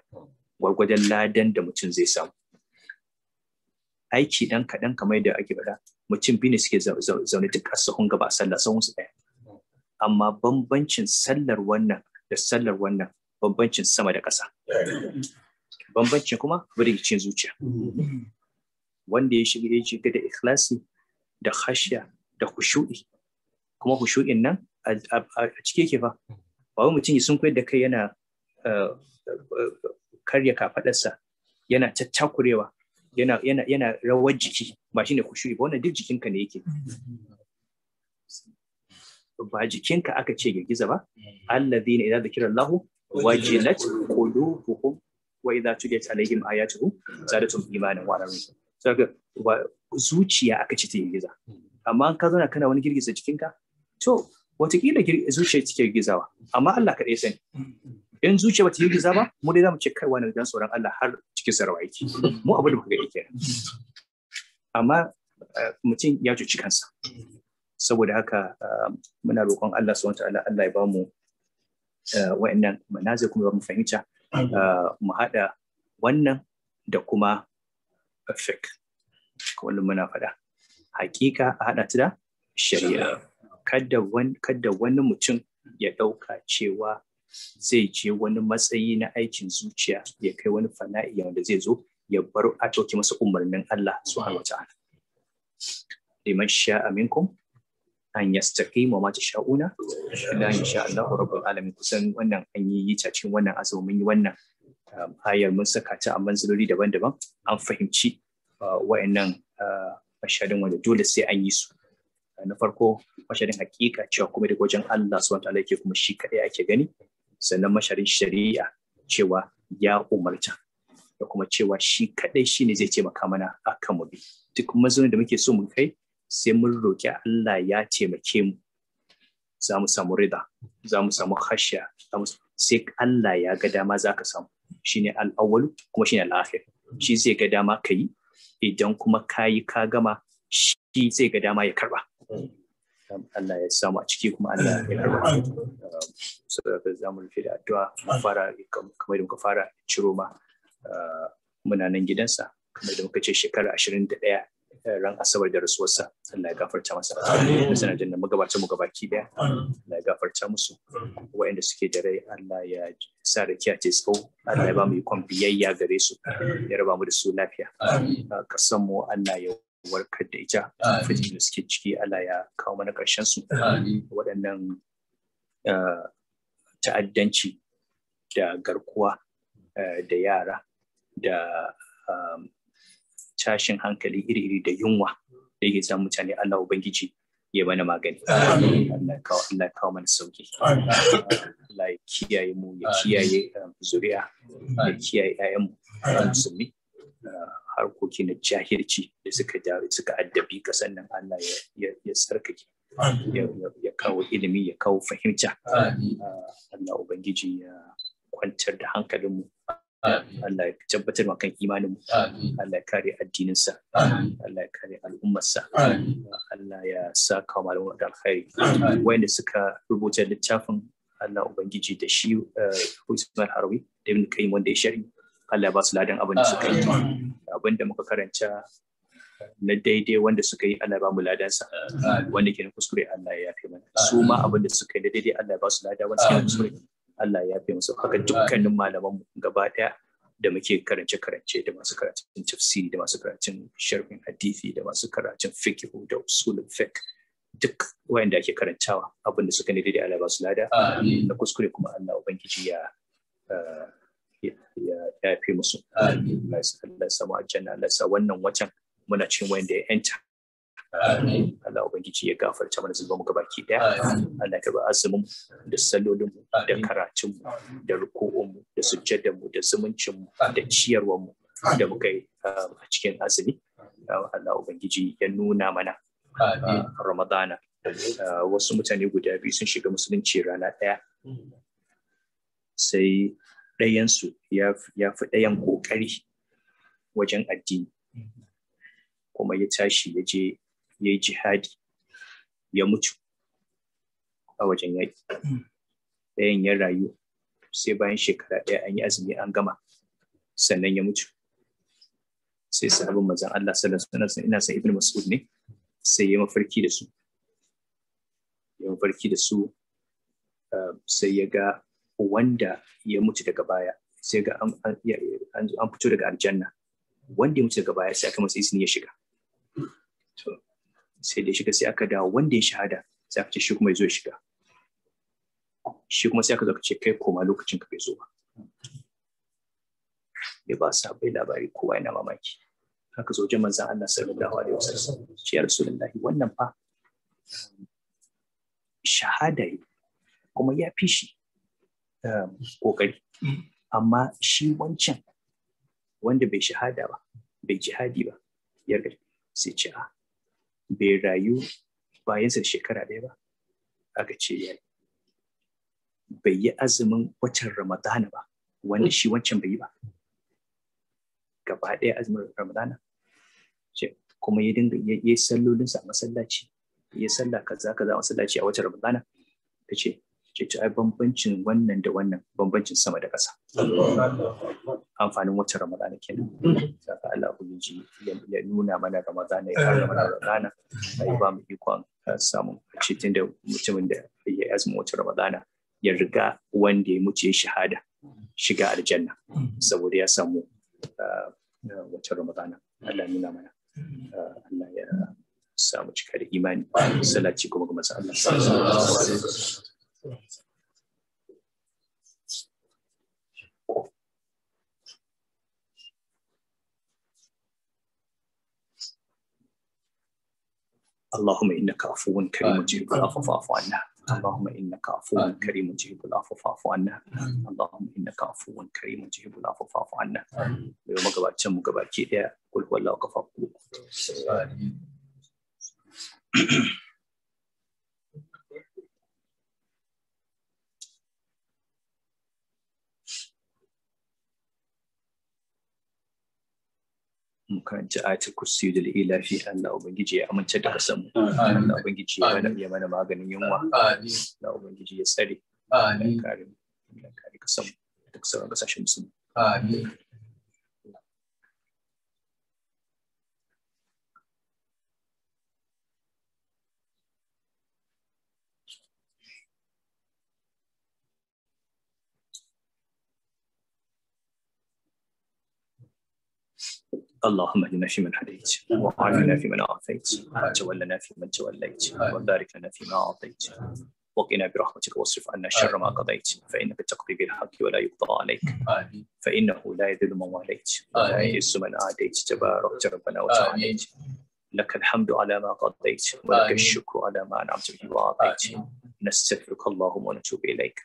gwargwadon ladan da mutum zai samu aiki dan kaɗan kamar da ake faɗa mutum biyu ne suke zaune duk a gaba a sallah sahun su ɗaya amma bambancin sallar wannan da sallar wannan bambancin sama da ƙasa bambancin kuma birgicin zuciya wanda ya shiga ya shiga da ikhlasi da hashiya da hushu'i kuma hushu'in nan a cike ke fa ba wai mutum sun da kai yana eh, eh, karya kafaɗarsa, yana tattakurewa yana rawar jiki ba ne kushui ba wannan duk jikinka ne yake ba jikinka aka ce girgiza ba hmm. alladhina idza dhukira Allah wajilat qulubuhum wa idza tuliyat alaihim ayatuhu imanin imanan wa ala ga zuciya aka ce ta girgiza hmm. amma ka zauna kana wani girgiza jikinka to watakila zuciya take girgizawa amma Allah ya sani hmm. in zuciya bata girgiza ba mu dai zamu ce kai wani dan tsoron Allah har cikin sarwa yake mu abu da muka ga yake amma eh, mutum ya cuci kansa saboda haka um, muna roƙon Allah subhanahu ala Allah ya bamu uh, wa'annan manazir kuma mu fahimta uh, mu haɗa wannan da kuma fik kullum muna faɗa hakika a haɗa ta da shari'a kada wani mutum ya ɗauka cewa zai je wani matsayi na aikin zuciya ya kai wani fana'i wanda zai zo ya bar a ɗauki masa umarnin Allah subhanahu wataala liman sha'a minkum an mu ma tasha'una illa insha Allah rabbul alamin kusan wannan an yi cikin wannan azumin wannan um, ayar mun saka ta a manziloli daban-daban an fahimci uh, wa'annan uh, mashadin wanda dole sai an yi su na farko mashadin hakika cewa kuma daga wajen Allah subhanahu wataala yake kuma shi kadai ake gani sannan masharin shari'a cewa ya umarta da kuma cewa shi kadai ne zai taimaka mana akan mu bi duk mazunin da muke so mu kai sai mun roƙi Allah ya taimake mu za mu samu rida za mu samu hashiya sai Allah ya ga dama za ka samu shine al'awwalu kuma shine al'akhir shi zai ga dama ka yi idan kuma ka yi ka gama shi zai ga dama ya karba Allah ya samu a ciki kuma Allah ya karba saboda za mu rufe da addu'a fara kamar da muka fara ciro ma ah, muna nan gidansa kamar da muka ce shekara 21 ran asabar da rasuwarsa Allah ya gafarta masa da sanadin da magabacin mu gabaki daya Allah ya gafarta musu waɗanda suke da rai Allah ya sa da kiyace tsawo Allah ya ba mu ikon biyayya gare su ya raba mu da su lafiya Ka san mu Allah ya warkar da ita fitin da suke ciki Allah ya kawo mana ƙarshen su waɗannan ta'addanci da garkuwa da yara da tashin hankali iri-iri da yunwa da yake samun mutane Allah Ubangiji ya mana magani. Allah kawo mana sauki. Allah ya kiyaye mu, ya kiyaye um, zuri'a, ya kiyaye ‘ya'yanmu, musulmi. Uh, harkoki na jahilci da suka suka addabi ka sannan Allah ya sarkake. Ya kawo ilimi, ya kawo fahimta. Uh, Allah Ubangiji ya kwantar da hankalinmu. Allah ya tabbatar kan imanin mu Allah ya kare addinin sa Allah ya kare al'ummar sa Allah ya saka malamu da alkhairi wanda suka rubuta littafin Allah ubangiji da shi eh, Usman Harawi da Ibn Kayyim wanda ya shari Allah ba su ladan abin da suka yi abin muka karanta na daidai wanda suka yi Allah ba mu ladansa wanda ke kuskure Allah ya kai mana su ma abin suka yi na daidai Allah ba su lada wanda suka yi kuskure Allah ya fi musu haka dukkanin malamanmu gaba ɗaya da muke karance-karance da masu karatun tafsiri da masu karatun sharhin hadithi da masu karatun fikihu da usulun fiqh duk wayanda ake karantawa abin da suka ne da Allah ba su lada na kuskure kuma Allah ubangiji ya ya fi musu Allah ya samu aljanna Allah ya sa wannan watan muna cikin wayanda ya enter Allah ubangiji ya gafarta mana zuba muka baki daya Allah ka ba azumin da sallolin mu da karatun mu da ruku'un mu da sujjadan mu da zumuncin mu da ciyarwar mu da muka yi um, a cikin azumi um, Allah ubangiji ya nuna mana um, Ramadana uh, wasu mutane guda biyu sun shiga musulunci rana ɗaya sai ɗayansu ya fi ɗayan ƙoƙari wajen addini mm-hmm. kuma ya tashi ya je ya yi jihadi ya mutu a wajen yaƙi ɗayan ya rayu sai bayan shekara ɗaya an yi azumi an gama sannan ya mutu sai sahabin mazan Allah sallallahu alaihi wasallam ina san ibn mas'ud ne sai ya mafarki da su ya mafarki da su eh, sai ya ga wanda ya mutu daga baya sai ga an fito daga aljanna wanda ya mutu daga baya sai aka masa isini ya shiga to sai da shiga sai aka dawo wanda ya shahada sai aka ce shi kuma ya zo ya shiga shi kuma sai aka zaka ce kai koma lokacin ka bai zo ba ya ba sa bai labari kowa yana mamaki haka zo wajen zan Allah sallallahu alaihi wasallam shi ya rasulullahi wannan fa shahada yi kuma ya fi shi kokari um, amma shi wancan wanda bai shahada ba bai jihadi ba ya sai ce a bai rayu bayansa da shekara ɗaya ba aka ce ya bai yi azumin watan ramadana ba wanda shi wancan bai yi ba gaba ɗaya azumin ramadana kuma ya dinga ya yi sallolinsa a masallaci ya salla kaza kaza a masallaci a watan ramadana ka ce ce ai bambancin wannan da wannan bambancin sama da ƙasa amfanin wacce ramadana kenan ka mm. Allah ubangiji ya nuna mana ramadana ya kare eh. mana ramadana ya ba mu ikon eh, samun cikin da mutumin da ya azumi wacce ramadana ya riga wanda ya muce shahada shiga aljanna mm. saboda ya samu eh, wacce ramadana Allah nuna mana Allah ya samu cika da imani salaci kuma ga alaihi wasallam اللهم انك عفو كريم مجيب العفو فاعف عنا اللهم انك عفو كريم مجيب العفو فاعف عنا اللهم انك عفو كريم مجيب العفو فاعف عنا yau magabacin mu gabaki daya kul huwallahu kafafu mu karanci ayatul kursi da ila fi Allah ubangiji ya amince da kasan mu Allah ubangiji ya bada ya mana maganin yunwa Allah ubangiji ya tsare amin kare kare kasan mu da sauran kasashen musulmi amin اللهم اهدنا في من هديت وعافنا في من عافيت وتولنا في من توليت وبارك لنا فيما اعطيت وقنا برحمتك واصرف عنا شر ما قضيت فانك تقضي بالحق ولا يقضى عليك فانه لا يذل من واليت ولا يعز من عاديت تبارك ربنا وتعاليت لك الحمد على ما قضيت ولك الشكر على ما انعمت به وعافيت نستغفرك اللهم ونتوب اليك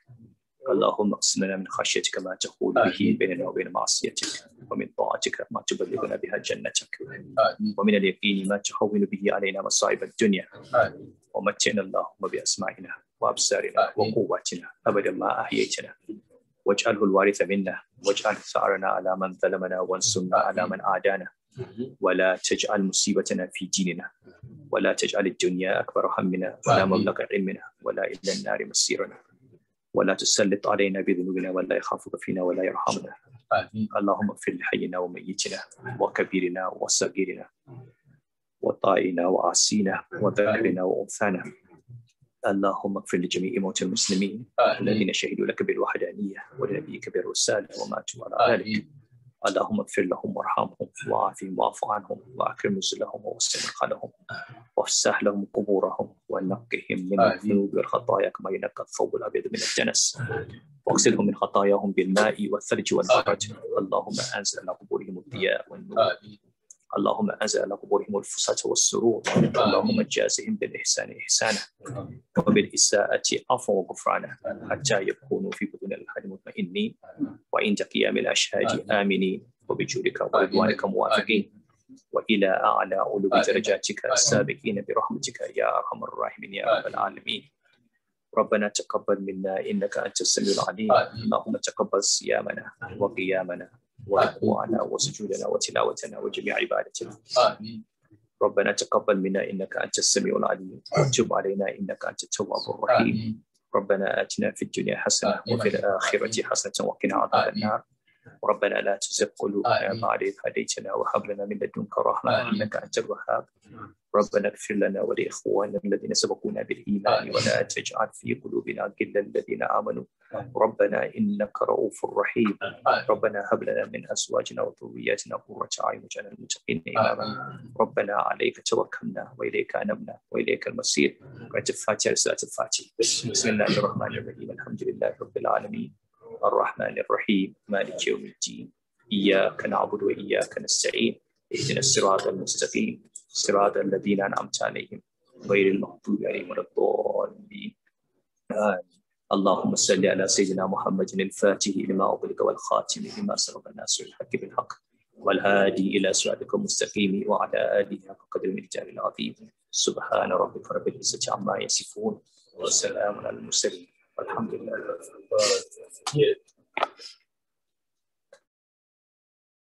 اللهم اقسم لنا من خشيتك ما تقول به بيننا وبين معصيتك ومن طاعتك ما تبلغنا بها جنتك ومن اليقين ما تهون به علينا مصائب الدنيا ومتعنا اللهم باسمائنا وابصارنا وقواتنا ابدا ما احييتنا واجعله الوارث منا واجعل ثارنا على من ظلمنا وانصرنا على من عادانا ولا تجعل مصيبتنا في ديننا ولا تجعل الدنيا اكبر همنا ولا مبلغ علمنا ولا الى النار مصيرنا ولا تسلط علينا بذنوبنا ولا يخافك فينا ولا يرحمنا اللهم اغفر لحينا وميتنا وكبيرنا وصغيرنا وطائنا وعاصينا وذكرنا وانثانا اللهم اغفر لجميع موت المسلمين الذين شهدوا لك بالوحدانيه ولنبيك بالرساله وماتوا على ذلك اللهم اغفر لهم وارحمهم وعافهم واعف عنهم واكرم نزلهم ووسع مدخلهم وافسح لهم قبورهم ونقهم من آه، الذنوب إيه. والخطايا كما ينقى الثوب الابيض من الدنس آه، إيه. واغسلهم من خطاياهم بالماء والثلج والبرد آه، إيه. اللهم انزل على قبورهم الضياء والنور اللهم انزل على قبورهم الفسحة والسرور اللهم جازهم بالاحسان احسانا وبالاساءة عفوا وغفرانا حتى يكونوا في بطون الحد مطمئنين وعند قيام الاشهاد امنين وبجودك ورضوانك موافقين وإلى أعلى علو درجاتك السابقين برحمتك يا أرحم الراحمين يا رب العالمين ربنا تقبل منا إنك أنت السميع العليم اللهم تقبل صيامنا وقيامنا وركوعنا وسجودنا وتلاوتنا وجميع عبادتنا آمين ربنا تقبل منا إنك أنت السميع العليم وتب علينا إنك أنت التواب الرحيم ربنا آتنا في الدنيا حسنة وفي الآخرة حسنة وقنا عذاب النار ربنا لا تزغ قلوبنا بعد إذ هديتنا وهب لنا من لدنك رحمة إنك أنت الوهاب ربنا اغفر لنا ولإخواننا الذين سبقونا بالإيمان ولا تجعل في قلوبنا غلا الذين آمنوا ربنا إنك رؤوف رحيم ربنا هب لنا من أزواجنا وذرياتنا قرة أعين واجعلنا المتقين إماما ربنا عليك توكلنا وإليك أنبنا وإليك المصير وأنت الفاتحة رسالة الفاتح بسم الله الرحمن الرحيم الحمد لله رب العالمين الرحمن الرحيم مالك يوم الدين إياك نعبد وإياك نستعين اهدنا الصراط المستقيم صراط الذين أنعمت عليهم غير المغضوب عليهم ولا الضالين اللهم صل على سيدنا محمد الفاتح لما أغلق والخاتم لما سبق الناس الحق بالحق والهادي إلى صراطك المستقيم وعلى آله حق قدر العظيم سبحان ربك رب العزة عما يصفون وسلام على المرسلين الحمد لله